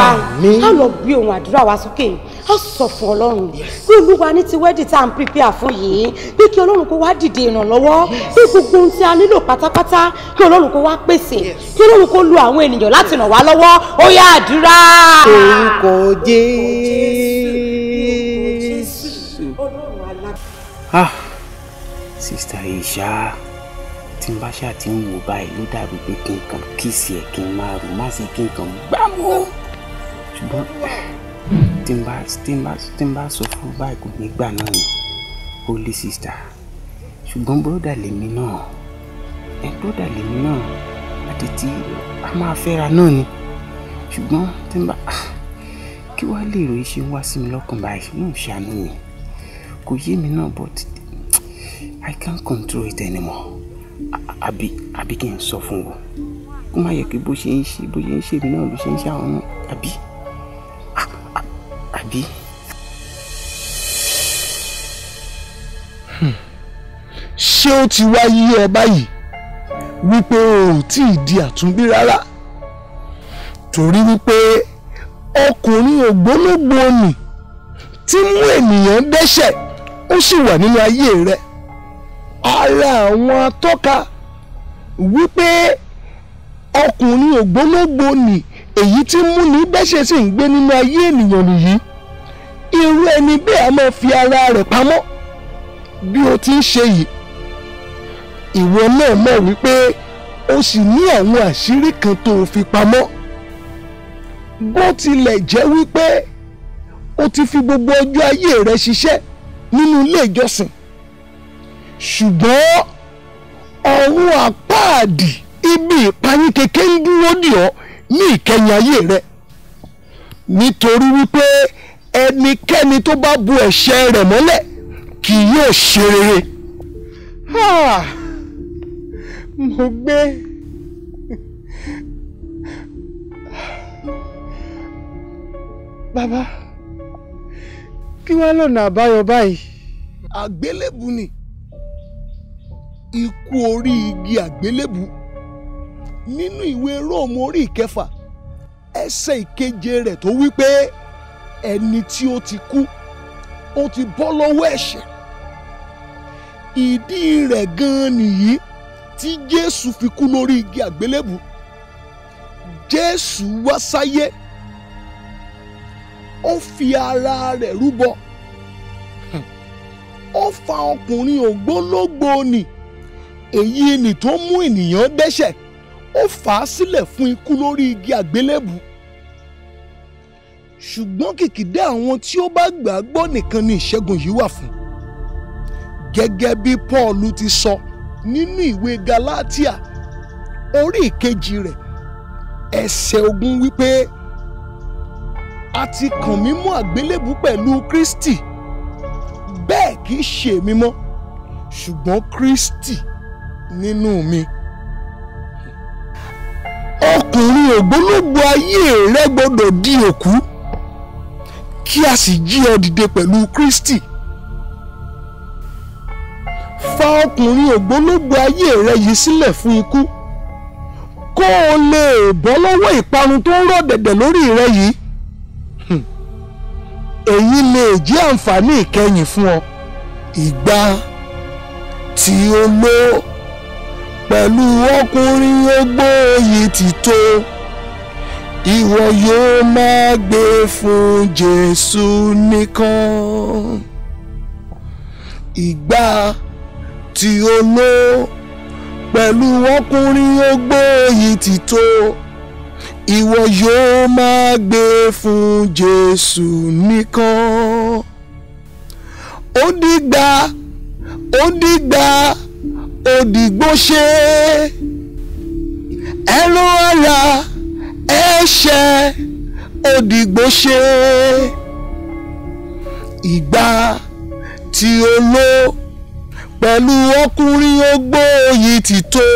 á lọ gbé ohùn àdúrà wa sókè. Okay a sọ fún ọlọ́run pé olúwa ní ti wẹ́dì tá à ń prepare fún yìí pé kí ọlọ́run kó wá dìde ìrànlọ́wọ́ pé gbogbo ohun tí a nílò pátápátá kí ọlọ́run kó wá pèsè kí ọlọ́run kó lu àwọn ènìyàn láti ràn wá lọ́wọ́ ó yá àdúrà. orúkọ jésù. ah sista Aisha tí n bá ṣáà ti ń wò báyìí ló dàbí pé kí n kàn kíìsì ẹ̀ kí n máa rò má sì kí n kàn gbámú ṣùgbọ́n tí n bá tí n bá tí n sọ fún báyìí kò náà ni holy sister ṣùgbọ́n bróda lèmi náà ẹ bróda lèmi náà àti tí a máa fẹ́ra náà ni ṣùgbọ́n tí n bá kí wàá lè ròyìn ṣe ń wá sí mi lọ́kàn báyìí náà ṣàánú mi kò yé mi náà but I can't control it anymore àbí àbí kí n sọ fún wọn kó má yẹ kí bó ṣe ń ṣe bó ṣe ń ṣe mi náà ló ṣe ń ṣe àwọn náà àbí àbí. Hmm. ṣé ó ti wá yí ẹ báyìí wípé o ò tí ì di àtúnbí rárá torí wípé ọkùnrin ògbólógbò nì tí mú ènìyàn dẹ́ṣẹ̀ ó sì wà nínú ayé rẹ̀ ara àwọn atọ́ka wípé ọkùnrin ògbólógbò nì èyí tí múni dẹ́ṣẹ̀ sì ń gbé nínú ayé ènìyàn nìyí irú ẹni bẹ́ẹ̀ a máa fi ara rẹ̀ pamọ́ bí o ti ń ṣe yìí ìwọ náà mọ̀ wípé o sì ní àwọn àṣírí kan tó o fi pamọ́ bó tilẹ̀ jẹ́ wípé o ti fi gbogbo ọjọ́ ayé rẹ ṣiṣẹ́ nínú ilé ìjọsìn ṣùgbọ́n ọ̀run àpáàdì ibi ìpayín kékeré ń dúró dì ọ́ ní ìkẹyìn ayé rẹ nítorí wípé. ẹnikẹ́ni tó bá bu ẹ̀ṣẹ̀ rẹ̀ mọ́lẹ̀ kì yóò ṣe rere. Ah, mo gbé bàbá kí wàá lọ́nà àbáyọ báyìí. àgbélébù ni ikú orí igi àgbélébù nínú ìwé róòmù orí ìkẹfà ẹsẹ ìkeje rẹ̀ tó wí pé. ẹni tí ó ti kú ó ti bọ́ lọ́wọ́ ẹ̀ṣẹ̀ ìdí rẹ̀ gan-an nìyí tí Jésù fi kú lórí igi àgbélébù Jésù wá sáyé ó fi ara rẹ̀ rúbọ ó fa ọkùnrin ògbólógbò nì èyí nì tó mú ènìyàn dẹ́ṣẹ̀ ó fà á sílẹ̀ fún ikú lórí igi àgbélébù ṣùgbọ́n kìkìdá àwọn tí ó bá gbà á gbọ́ nìkan ni ìṣẹ́gun yìí wà fún. gẹ́gẹ́ bí Paul ti sọ nínú ìwé Galatia orí ìkejì rẹ̀ ẹsẹ̀ ogún wípé a ti kàn mí mọ́ àgbélébù pẹ̀lú Kristi bẹ́ẹ̀ kì í ṣe èmi mọ́ ṣùgbọ́n Kristi nínú mi. ọkùnrin ògbólógbòó ayé rẹ gbọ́dọ̀ di òkú kí a sì jí ọ dìde pẹ̀lú Kristi fa ọkùnrin ògbólógbòó ayé rẹ yìí sílẹ̀ fún ikú kó o lè bọ́ lọ́wọ́ ìparun tó ń rọ̀ dẹ̀dẹ̀ lórí rẹ yìí hmm. èyí lè jẹ́ àǹfààní ìkẹyìn fún ọ ìgbà tí o lò pẹ̀lú ọkùnrin ogbó yìí ti tó ìwọ yóò máa gbé fún Jésù nìkan ìgbà tí ó lò pẹ̀lú ọkùnrin ogbó yìí ti tó ìwọ yóò máa gbé fún Jésù nìkan ó dìgbà ó dìgbà ó dìgbò ṣe ẹ ló ara ẹ̀ṣẹ̀ òdìgbò ṣe ìgbà tí ó lò pẹ̀lú ọkùnrin ogbó yìí ti tó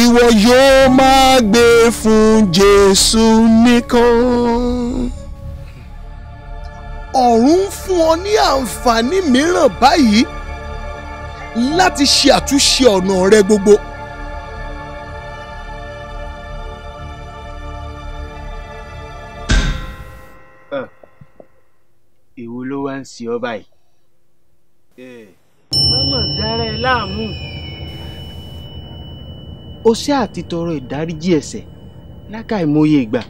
ìwọ yóò máa gbé fún Jésù nìkan ọ̀run ń fún ọ ní àǹfààní mìíràn báyìí láti ṣe àtúnṣe ọ̀nà rẹ gbogbo. èwo ló wá ń ṣe ọ báyìí. Eh. mọ́mọ́ dára ẹ láàmú. ó ṣe àti tọrọ ìdáríjì ẹ̀ṣẹ̀ lákàìmọye ìgbà.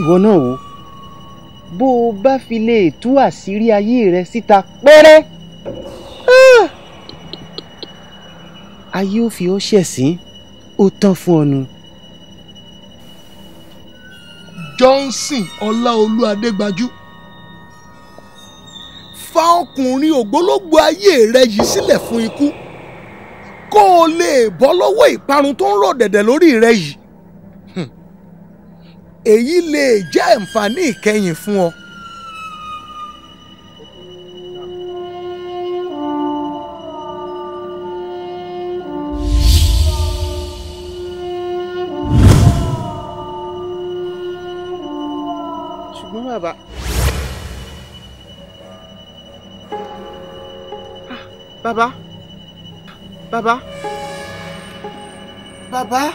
ìwọ náà wò bó o bá fi lè tú àṣírí ayé rẹ síta pẹ́rẹ́ ah! ayé ó fi ọ́ ṣẹ̀sín ó tán fún ọ nu. Johnson Ọláolú Adégbájú fa ọkùnrin ògbólógbò ayé rẹ yìí sílẹ̀ fún ikú kó o lè bọ́ lọ́wọ́ ìparun tó ń rọ̀ dẹ̀dẹ̀ lórí rẹ yìí èyí lè jẹ́ àǹfààní ìkẹyìn fún ọ. 爸爸，爸爸，爸爸。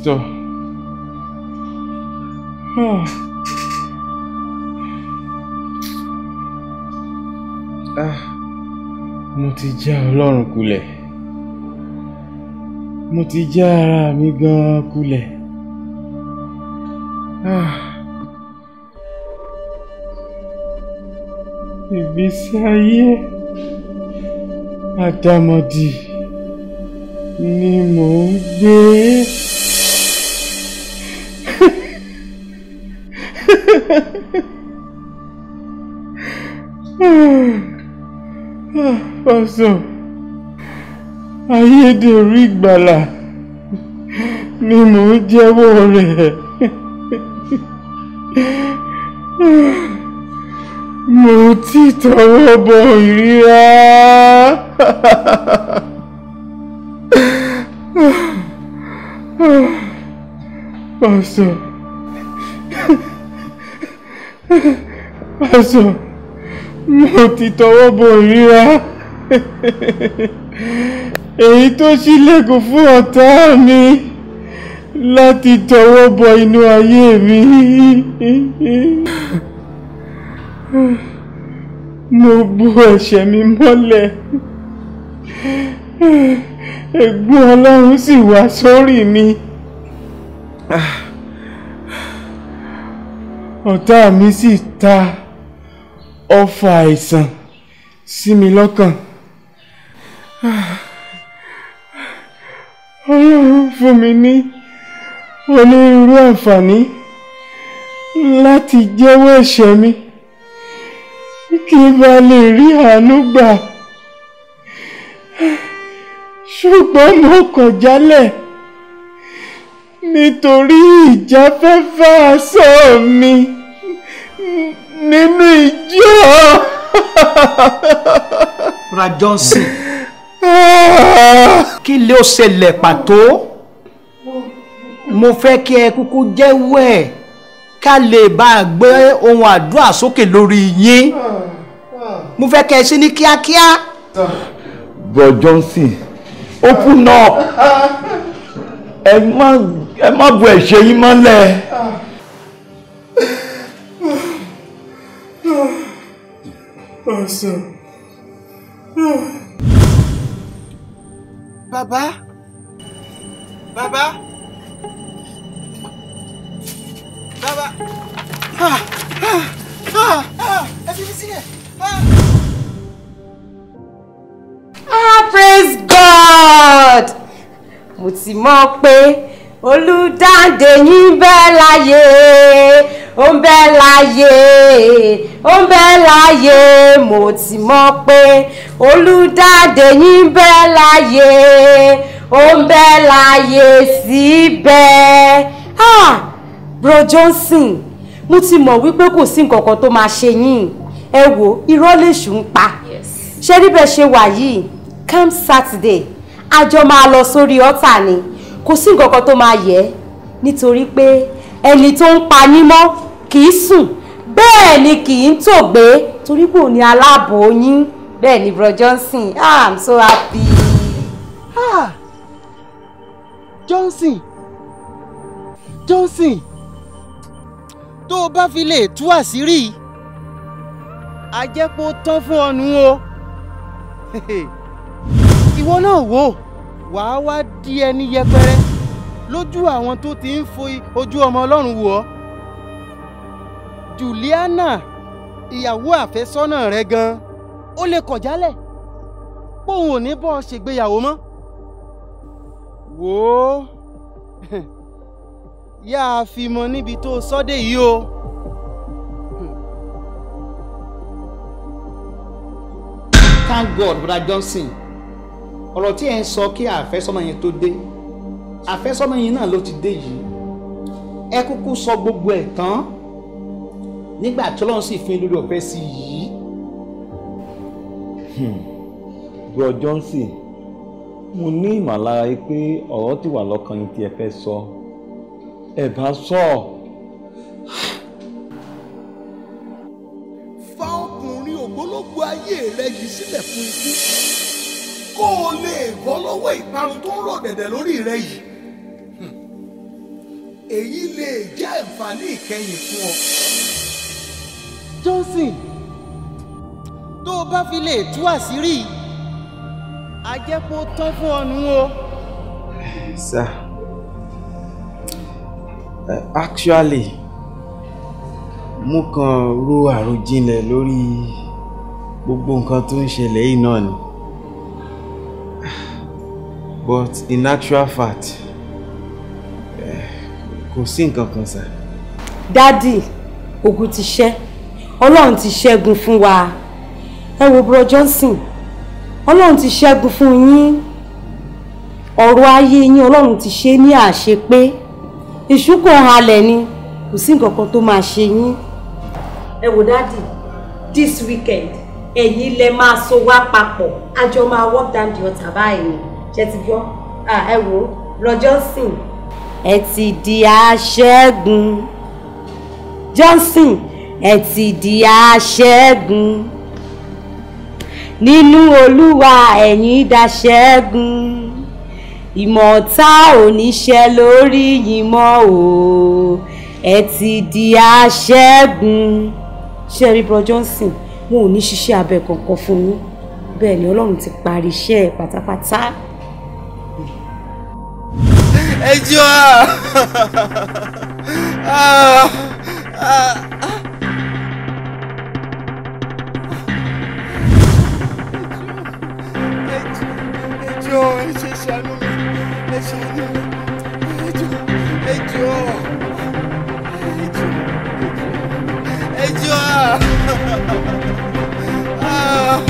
Pastor. Oh. Hmm. Ah, mo ti já Ọlọ́run kulẹ̀. Mo ti já ara mi gan kulẹ̀. Ah. Ìgbésí ayé àdàmọ̀dì ni mò ń gbé. pásọ ayédèrú ìgbàlà ni mò ń jẹ́wọ́ rẹ̀ mo ti tọwọ́ bọ ìríra. pásọ pásọ mo ti tọwọ́ bọ ìríra èyí tó ṣílẹ̀kùn fún ọ̀tá mi láti tọwọ́ bọ inú ayé mi. mo bu ẹ̀ṣẹ̀ mi mọ́lẹ̀ ègbón ọlọ́run sì wá sórí mi. ọ̀tá mi sì ta. Si ó fa àìsàn sí mi lọ́kàn ọlọ́run fún mi ní onírúurú àǹfààní láti jẹ́wọ́ ẹ̀ṣẹ̀ mi kí n bá lè rí àánú gbà ṣùgbọ́n mo kọ̀ jálẹ̀ nítorí ìjáfẹ́fẹ́ aṣọ mi nínú ìjọ. ra Johnson ah. kí ló ṣẹlẹ̀ pàtó mo fẹ́ kí ẹ kúkú jẹ́wọ́ ẹ̀ ká lè bá a gbé ohun àdúrà sókè lórí yín mo fẹ́ kẹ́ ẹ sí ní kíákíá. bro Johnson open up ẹ má bu ẹ̀ṣẹ̀ yín mọ́lẹ̀. ọ̀sán. baba! bàbá bàbá ah, ah! mí sílẹ̀. Ah praise God! Mo ti mọ̀ pé olùdáǹdè yín bẹ́ẹ̀ láyé ó ń bẹ láyé ó ń bẹ láyé mo ti mọ̀ pé olùdáǹdè yín bẹ́ẹ̀ láyé ó ń bẹ láyé síbẹ̀. ah bro Johnson mo ti mọ̀ wípé kò sí nǹkan kan tó máa ṣe yín ẹ wo irọ́ lèṣù ń pa ṣé níbẹ̀ ṣe wà yìí come Saturday a jọ máa lọ sórí ọ̀tà ni kò sí nǹkan tó máa yẹ nítorí pé ẹni tó ń pa nímọ́ kì í sùn bẹ́ẹ̀ ni kì í tògbé torí pé òun aláàbò yín bẹ́ẹ̀ ni bro Johnson ah i'm so happy. Ah. Johnson Johnson tó o bá fi lè tú àṣírí a jẹ́ pé ó tán fún ọ nù o ìwọ náà wò ó wàá wá di ẹni yẹpẹrẹ lójú àwọn tó ti ń fo ojú ọmọ ọlọ́run wò ọ́ Juliana ìyàwó àfẹ́sọ́nà rẹ gan ó lè kọ̀ jálẹ̀ póun ò ní bọ́ ṣègbéyàwó mọ́ wò yá a fi mọ níbi tó sọ́dẹ̀ yìí o. Thank God, Brother Johnson ọ̀rọ̀ tí ẹ̀ ń sọ kí àfẹ́sọ́nà yẹn tó dé àfẹ́sọ́nà yẹn náà ló ti dé yìí ẹ kúkú sọ gbogbo ẹ̀ tán nígbà tí ọlọ́run sì fi lórí ọ̀fẹ́ sí yìí. Hmm. Bro Johnson mo ní ìmọ̀lára yìí pé ọ̀rọ̀ ti wà lọ́kàn yín tí ẹ fẹ́ sọ ẹ bá sọ. fa ọkùnrin ògbólógbòó ayé rẹ yìí sílẹ̀ fún ikú lè bọ́ lọ́wọ́ ìparun tó ń rọ̀ dẹ̀dẹ̀ lórí rẹ yìí hmm. èyí lè jẹ́ àǹfààní ìkẹyìn fún ọ. Johnson tó o bá fi lè tú àṣírí a jẹ́ kó tán fún ọ nù o. sir uh, actually mo kàn ro àròjinlẹ̀ lórí gbogbo nǹkan tó ń ṣẹlẹ̀ yìí náà ni but in actual fact eh, kò sí nǹkan kan sà. dádì ogun ti ṣẹ́ ọlọ́run ti ṣẹ́gun fún wa ẹ wo bro Johnson ọlọ́run ti ṣẹ́gun fún yín ọ̀rọ̀ ayé yín ọlọ́run ti ṣe ní àṣepé ìṣúkò halẹ̀ ni kò sí nǹkan kan tó máa ṣe yín. ẹ wò dádì this weekend ẹ̀yin lẹ máa so wá papọ̀ a máa walk down the ọ̀tà báyìí ṣe ti gbọ́ ẹ wò ó lọ́jọ́ sìn. ẹ ti di aṣẹ́gun Johnson ẹ ti di aṣẹ́gun nínú olúwa ẹ̀yin daṣẹ́gun ìmọ̀ọ́ta ò níṣẹ́ lórí yín mọ́ o ẹ ti di aṣẹ́gun ṣẹ́rí bro Johnson wọn ò ní ṣiṣẹ́ abẹ kankan fún yín bẹ́ẹ̀ ni ọlọ́run ti parí iṣẹ́ ẹ̀ pátápátá. Ezio ah, ah, ah. Ah!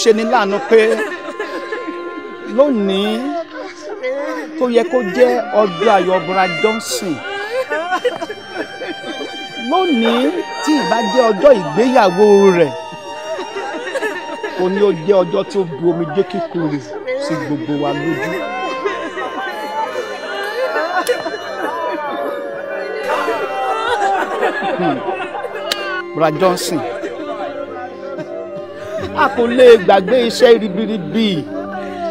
ṣe ni láàánú pé lónìí tó yẹ kó jẹ́ ọjọ́ ayọ̀ Johnson lónìí tí ìbá jẹ́ ọjọ́ ìgbéyàwó rẹ̀ ó ní ó jẹ́ ọjọ́ tí ó bu omijé kíkorò sí gbogbo wa lójú. Hmm. Bọ́lá Johnson a kò lè gbàgbé iṣẹ́ ribiribi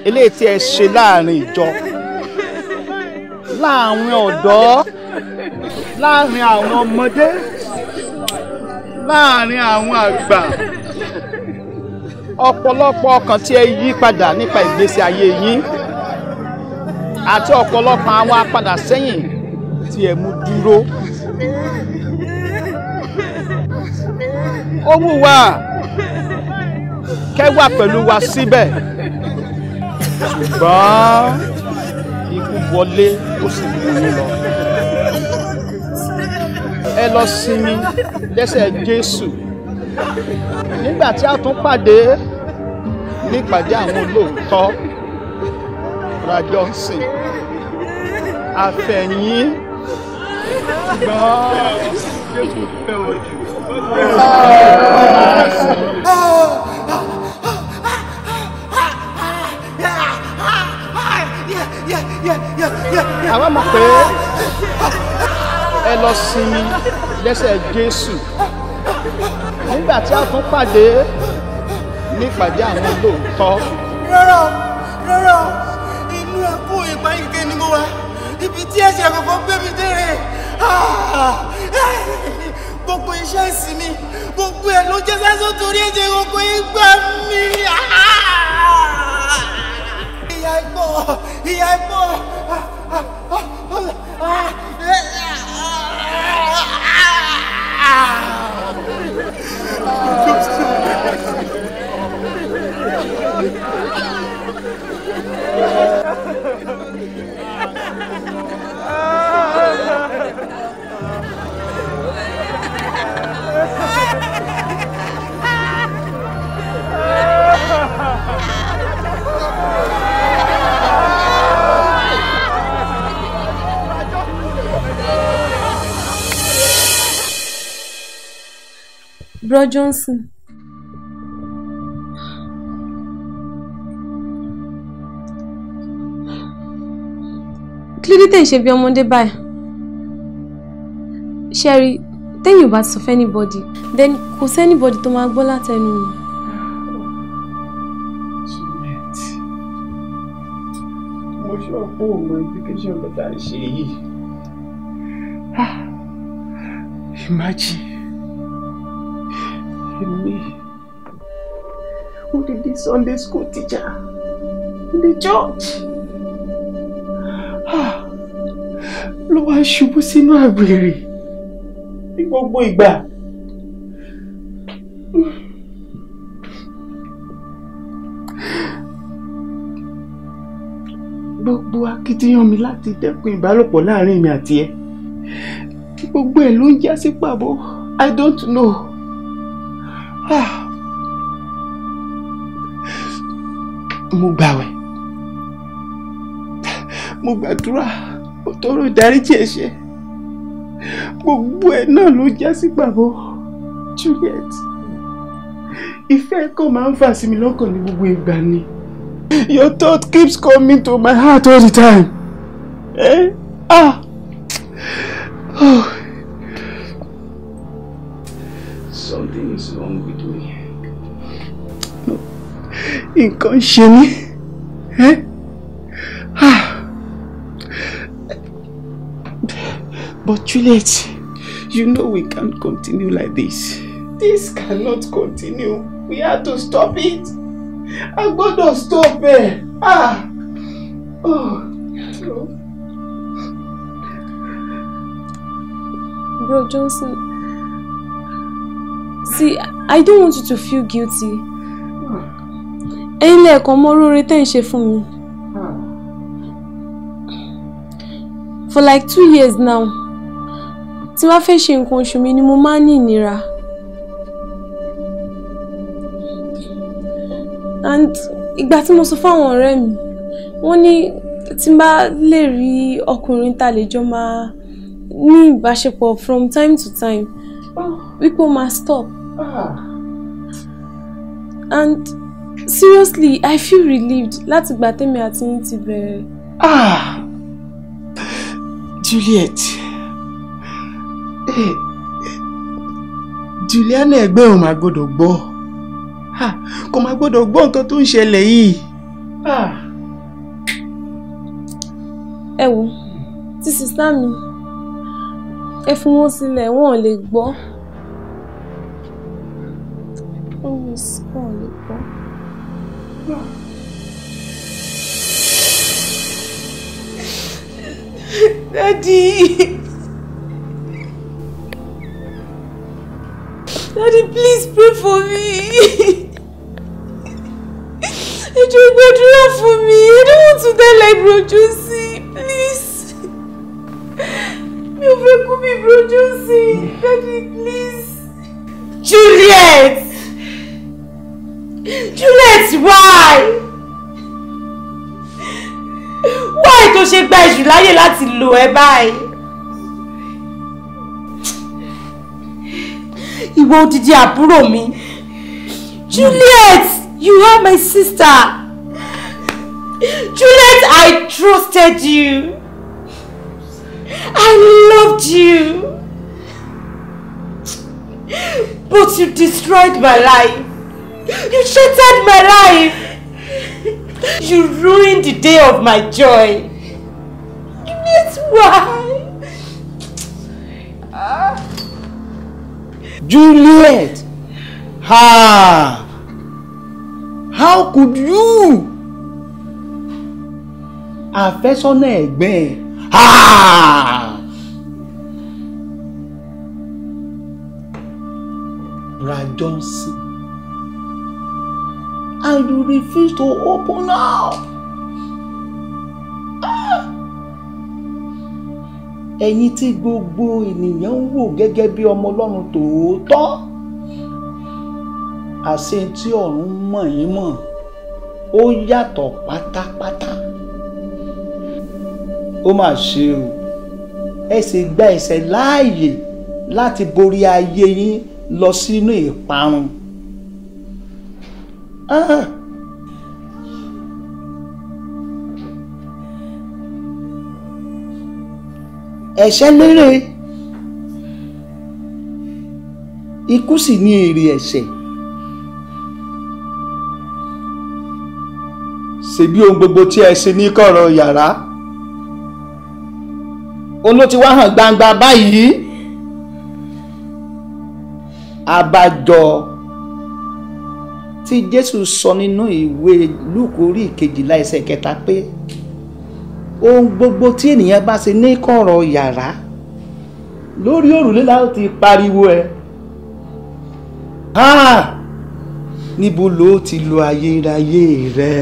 eléyìí tí ẹ ṣe láàrin ìjọ láàrin ọ̀dọ́ láàrin àwọn ọmọdé láàrin àwọn àgbà ọ̀pọ̀lọpọ̀ ọkàn tí ẹ yí padà nípa ìgbésí ayé yín àti ọ̀pọ̀lọpọ̀ àwọn apadà sẹ́yìn tí ẹ mú dúró ó wù wá kẹ́ wà pẹ̀lú wa síbẹ̀ ṣùgbọ́n ikú wọlé ó sì mú un lọ ẹ lọ sinmi lẹ́sẹ̀ Jésù nígbà tí a tún pàdé ní àwọn olóòótọ́ rajọ́nsìn àfẹ̀yìn gbọ́n Jésù fẹ́ wọ́n jù. àwa mọ̀ pé ẹ lọ sinmi lẹ́sẹ̀ Jésù nígbà tí a tún pàdé ní ìpàdé àwọn olóòótọ́. rárá rárá inú ẹkú ìpáyínkẹ ni mo wà ibi tí ẹsẹ̀ kọ̀ọ̀kan gbé mi dére ah, gbogbo iṣẹ́ ìsinmi gbogbo ẹ̀ ló jẹ́ sásán torí ẹ̀jẹ̀ gbogbo ìgbà mi. Ah, ìyá ẹ̀gbọ́n ìyá ẹ̀gbọ́n. 아, 아, 아, 아 bro johnson. kí ló dé tẹ̀ ń ṣe bí ọmọdé báyìí ṣẹ́rí tẹ́yìn ò bá sọ fẹ́ anybody then kò sí anybody tó máa gbọ́ látẹnu mi. mo sọ pé o mọ implication kọta ṣe yìí ah, imagine èmi odidi Sunday school teacher in the church ah, ló wá ṣubú sínú àgbèrè ní gbogbo ìgbà. gbogbo akitiyan mi láti dẹ́kun ìbálòpọ̀ láàrin mi àti ẹ gbogbo ẹ̀ ló ń já sí pàbó I don't know. mo gbàwẹ̀ mo gbàdúrà mo tọrọ ìdáríjì ẹ̀ṣẹ̀ gbogbo ẹ̀ náà ló já sí pàbọ̀ Juliet ìfẹ́ kan máa ń fà sí mi lọ́kàn ní gbogbo ìgbà ni your thought keeps coming to my heart all the time. Eh? Ah! nǹkan ń eh? Ah! but Juliet you know we can't continue like this this cannot continue we have to stop it I'm got to stop it. ah oh. Bro Johnson, see, I don't want you to feel guilty. ẹ̀yin lẹ́ẹ̀kan mọ́rú oore tẹ́ ń ṣe fún mi. Hmm. for like two years now tí wàá fẹ́ ṣe nǹkan oṣù mi ni mo máa ń ní ìnira. and ìgbà tí mo sọ fáwọn ọ̀rẹ́ mi wọ́n ní tí n bá lè rí ọkùnrin tá a lè jọ máa ní ìbáṣepọ̀ from time to time ah. wípé ó máa stop. Ah. and seriously i feel relieved láti gbà tẹ́mi àti yín ti bẹ̀rẹ̀. ah juliet hey. Eh, juliana ẹgbẹ́ òun máa gbọ́dọ̀ gbọ́ ah, kò máa gbọ́dọ̀ gbọ́ nǹkan tó ń ṣẹlẹ̀ yìí. Ah. ẹ wo tí sísá mi ẹ fún wọn sílẹ̀ wọn ò lè Oh, it's ò lè gbọ́. Daddy, Daddy, please pray for me. Ẹ jọ̀ọ́ gbàdúrà for me. I don't want to die like Bro Josie, please. Mi ò fẹ́ kú Bro Josie. Daddy, please. Juliet! Juliet why why do ṣe gba èṣù láyè láti lò ẹ́ báyìí. ìwọ odidi àbúrò me. Juliet you are my sister Juliet I trusted you I loved you but you destroyed my life. You shattered my life. You ruined the day of my joy. That's why. Ah. Juliet. Ha! How could you? Àfẹ́sọ́nà ẹ̀gbẹ́ ẹ̀. Ha! Ra Johnson and you refuse to open up. ẹ̀yin tí gbogbo ènìyàn ń wò gẹ́gẹ́ bí ọmọ ọlọ́run tòótọ́ àṣẹ tí ọ̀run mọ̀ yín mọ̀ ó yàtọ̀ pátápátá ó mà ṣe o ẹ sì gba ẹ̀ṣẹ̀ láàyè láti borí ayé yín lọ sínú ìparun. E Ah. ẹ̀ṣẹ̀ lérè ikú sì ní èrè ẹ̀ṣẹ̀ ṣebí ohun gbogbo tí ẹ ṣe ní kọ̀rọ̀ yàrá òun ti wá hàn gbangba báyìí abájọ tí jésù sọ nínú ìwé lúùkù orí ìkejìlá ẹsẹ̀ kẹta pé ohun gbogbo tí ènìyàn bá ṣe ní kọ̀rọ̀ yàrá lórí òrùlé láti pariwo ẹ níbo ló ti lo ayérayé rẹ.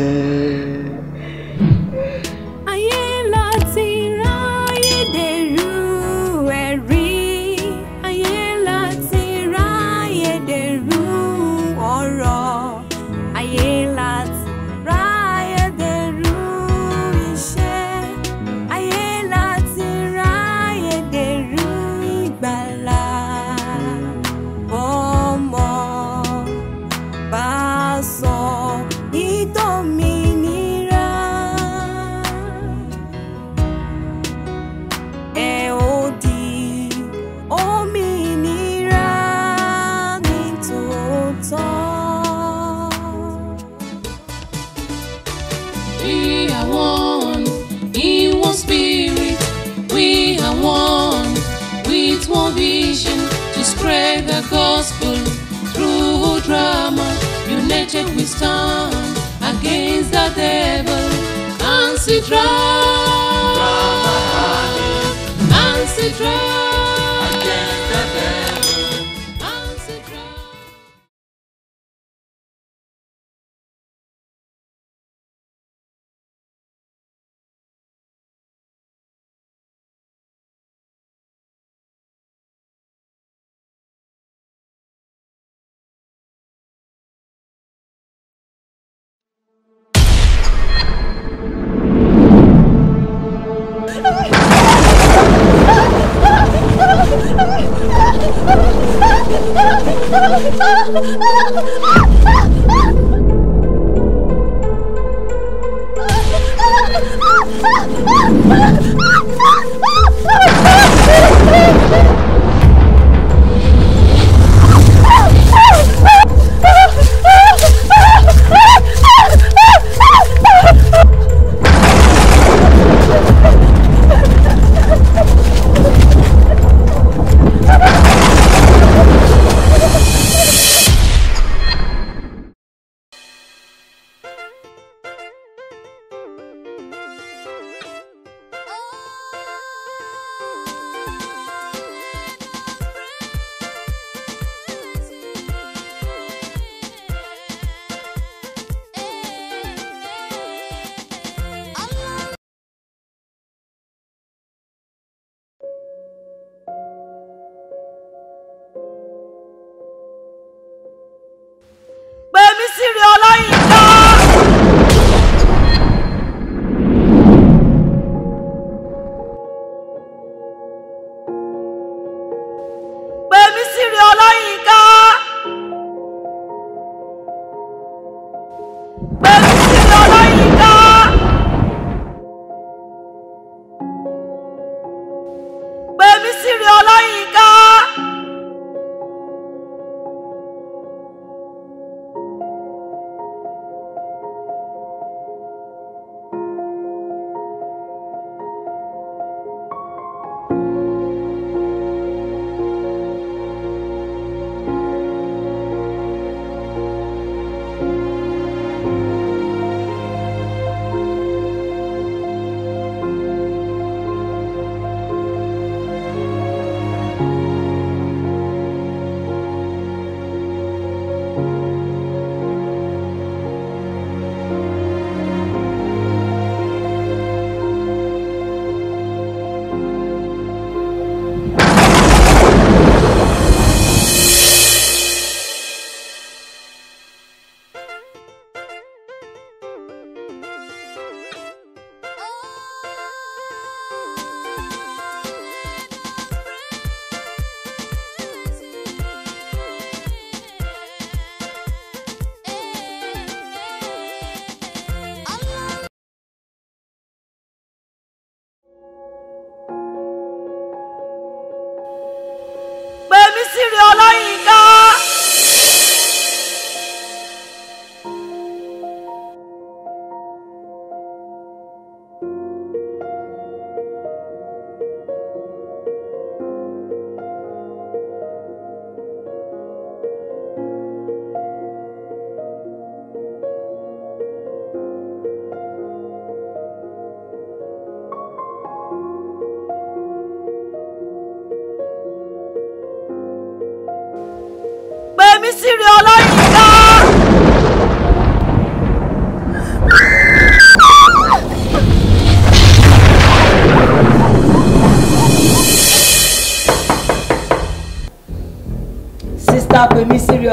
you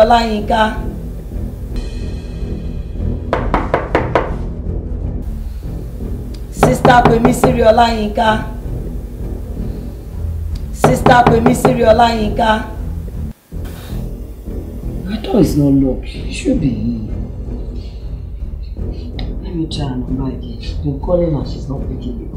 ọláyínká. sista pèmí sírí ọláyínká. sista pèmí sírí ọláyínká. My door is not locked. It should be here. Let me try her number again. I've calling her. She's not picking it.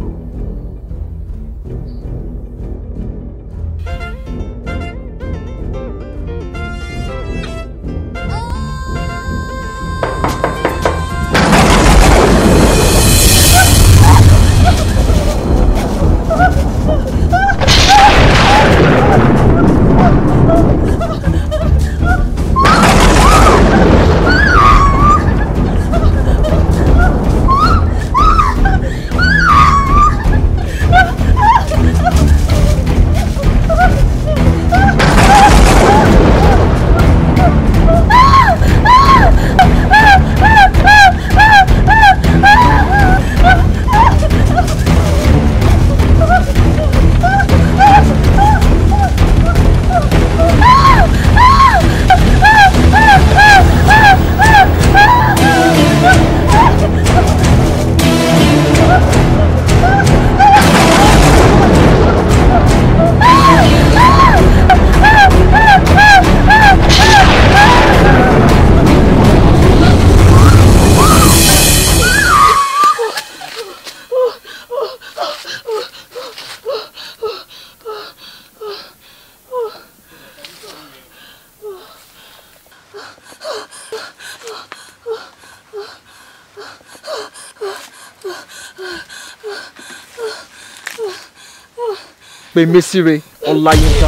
Pèmísire Ọláyínká.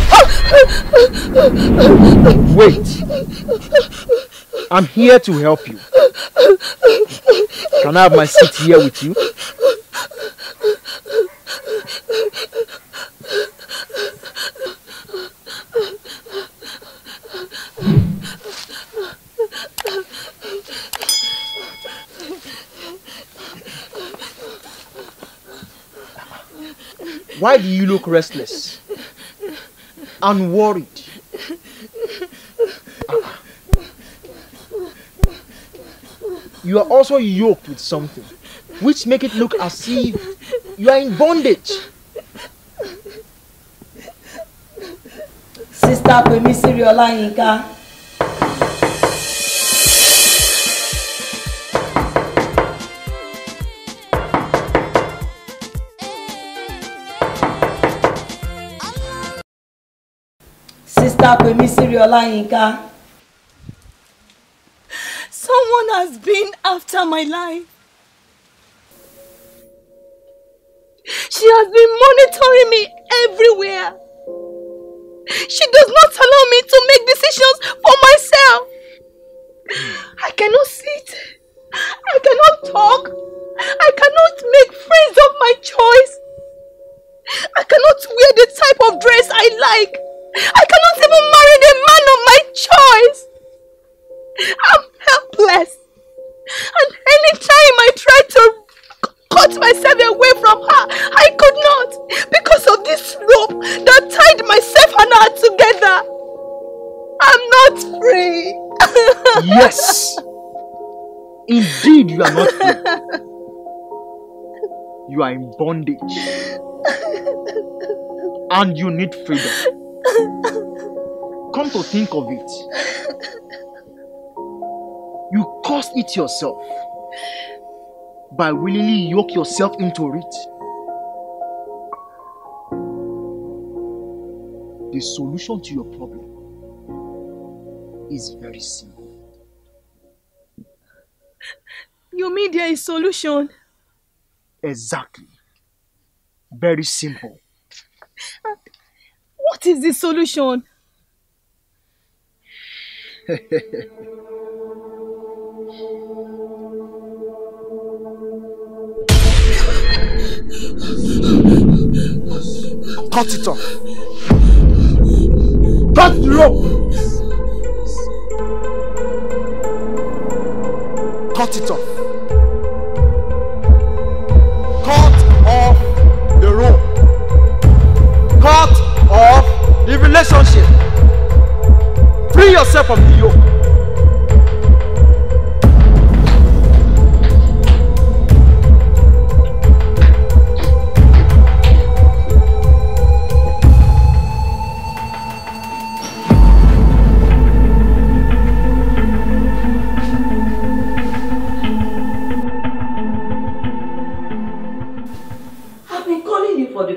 Wait. I'm here to help you. Can I have my seat here with you? Why do you look restless and worried? Ah. You are also yoked with something, which make it look as if you are in bondage. Sister Pemi Siri Olayinka. Someone has been after my life. She has been monitoring me everywhere. She does not allow me to make decisions for myself. I cannot sit. I cannot talk. I cannot make friends of my choice. I cannot wear the type of dress I like. I cannot even marry the man of my choice. I'm helpless. And any time I try to cut myself away from her, I could not because of this rope that tied myself and her together. I'm not free. yes. Indeed, you are not free. You are in bondage. And you need freedom. Come to think of it, you caused it yourself by willingly yoke yourself into it. The solution to your problem is very simple. You mean there is solution? Exactly. Very simple. What is the solution? Cut it off. Cut the rope. Cut it off. in relationship. Free yourself from the yoke.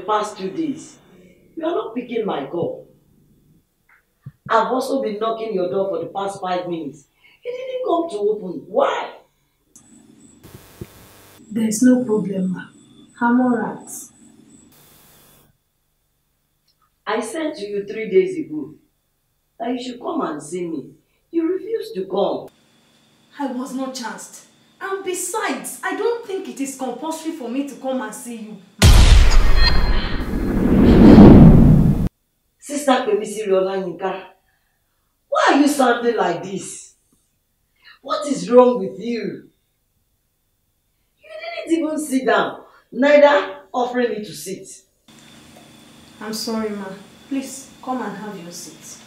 past two days. You are not picking my call. I've also been knocking your door for the past five minutes. You didn't come to open. Why? There's no problem, ma. I'm alright. I sent to you three days ago that you should come and see me. You refused to come. I was not chanced. And besides, I don't think it is compulsory for me to come and see you. Sister Pemisi Rola Yinka, Why are you standing like this? What is wrong with you? You didn't even sit down, neither offering me to sit. I'm sorry, ma. Please, come and have your seat.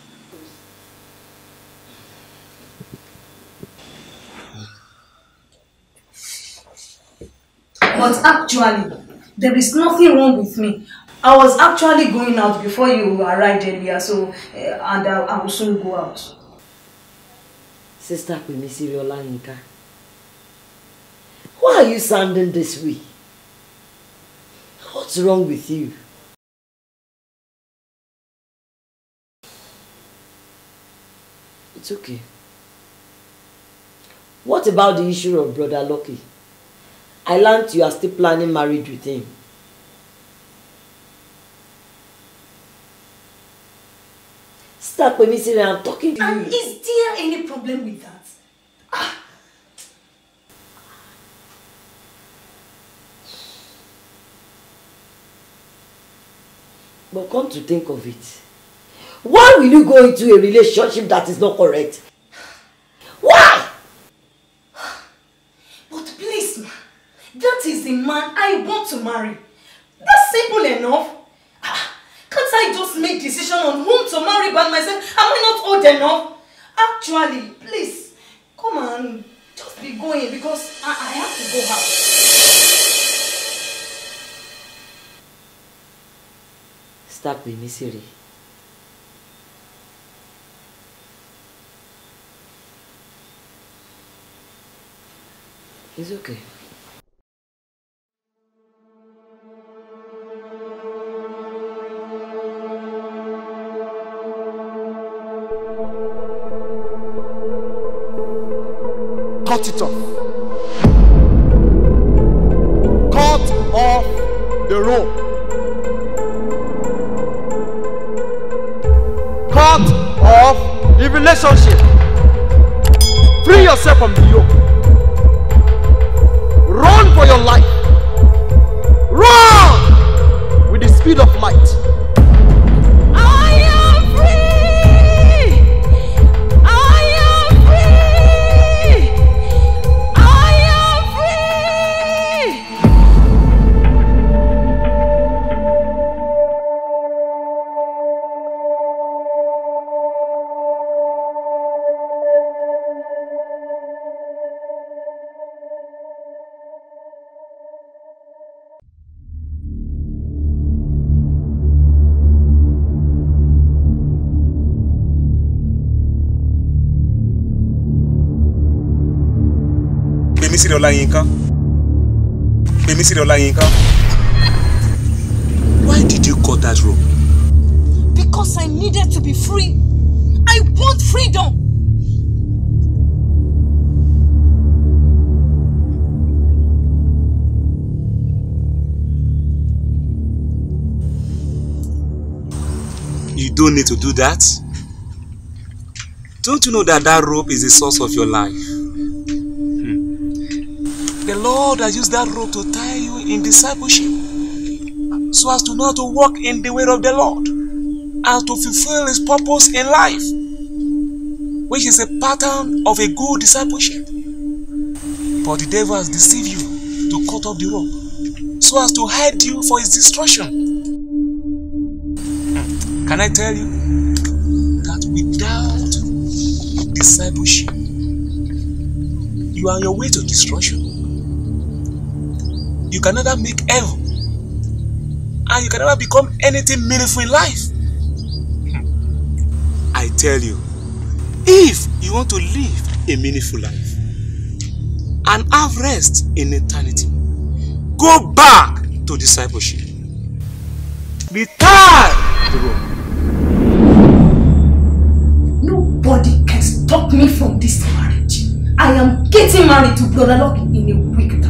But actually, there is nothing wrong with me. I was actually going out before you arrived earlier, so uh, and I, I will soon go out. Sister Pemi Siriola Yinka, why are you sounding this way? What's wrong with you? It's okay. What about the issue of Brother Lucky? I learned you are still planning marriage with him. Sister Kwemisire, I'm talking to you. And is there any problem with that? Ah. But come to think of it, why will you go into a relationship that is not correct? Why? But please, ma, that is the man I want to marry. That's simple enough. Can't I just make decision on whom to marry by myself? Am I not old enough? Actually, please, come on, just be going because I, I have to go out. Start with me, Siri. It's okay. cut it off. Cut off the rope. Cut off the relationship. Free yourself from the yoke. Run for your life. Run with the speed of light. Ọláyínká. Pemisire Ọláyínká. Why did you cut that rope? Because I needed to be free. I want freedom. You don't need to do that. Don't you know that that rope is the source of your life? The Lord has used that rope to tie you in discipleship so as to know to walk in the way of the Lord and to fulfill his purpose in life, which is a pattern of a good discipleship. But the devil has deceived you to cut off the rope so as to hide you for his destruction. Can I tell you that without discipleship, you are on your way to destruction? you can never make heaven and you can never become anything meaningful in life. Hmm. I tell you, if you want to live a meaningful life and have rest in eternity, go back to discipleship. Retire the Nobody can stop me from this marriage. I am getting married to Brother Lock in a week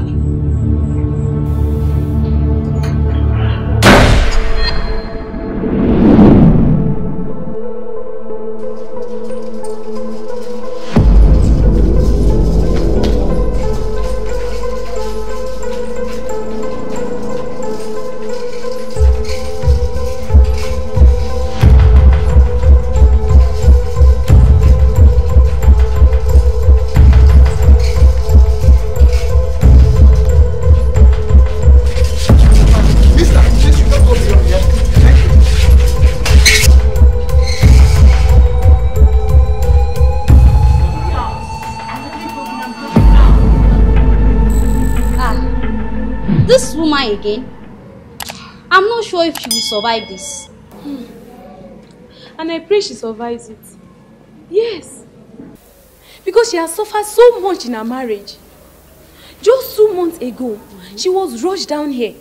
again. I'm not sure if she will survive this. Hmm. And I pray she survives it. Yes. Because she has suffered so much in her marriage. Just two months ago, mm -hmm. she was rushed down here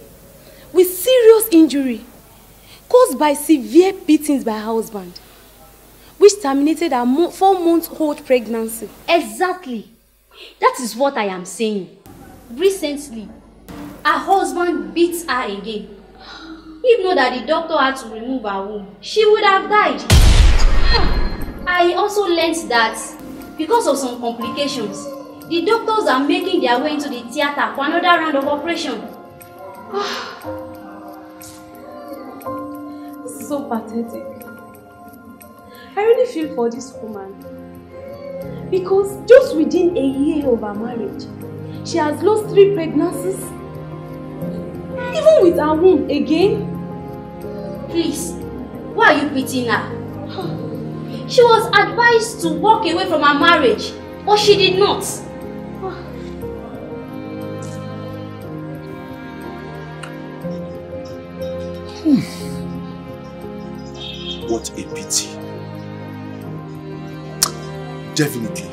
with serious injury caused by severe beatings by her husband, which terminated her four-month-old pregnancy. Exactly. That is what I am saying. Recently, her husband beats her again. If not that the doctor had to remove her womb, she would have died. I also learned that because of some complications, the doctors are making their way into the theater for another round of operation. this is so pathetic. I really feel for this woman because just within a year of her marriage, she has lost three pregnancies Even with our womb again? Please, why are you beating her? She was advised to walk away from her marriage, but she did not. Hmm. What a pity. Definitely,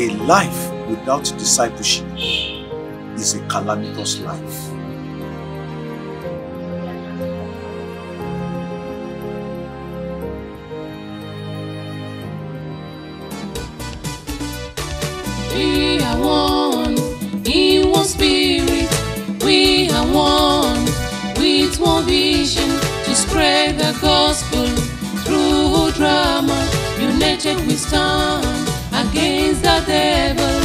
a life without discipleship is a calamitous life. We are one one We are one one drama. United we stand against the devil.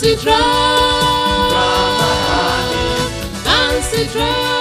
Fancy dress.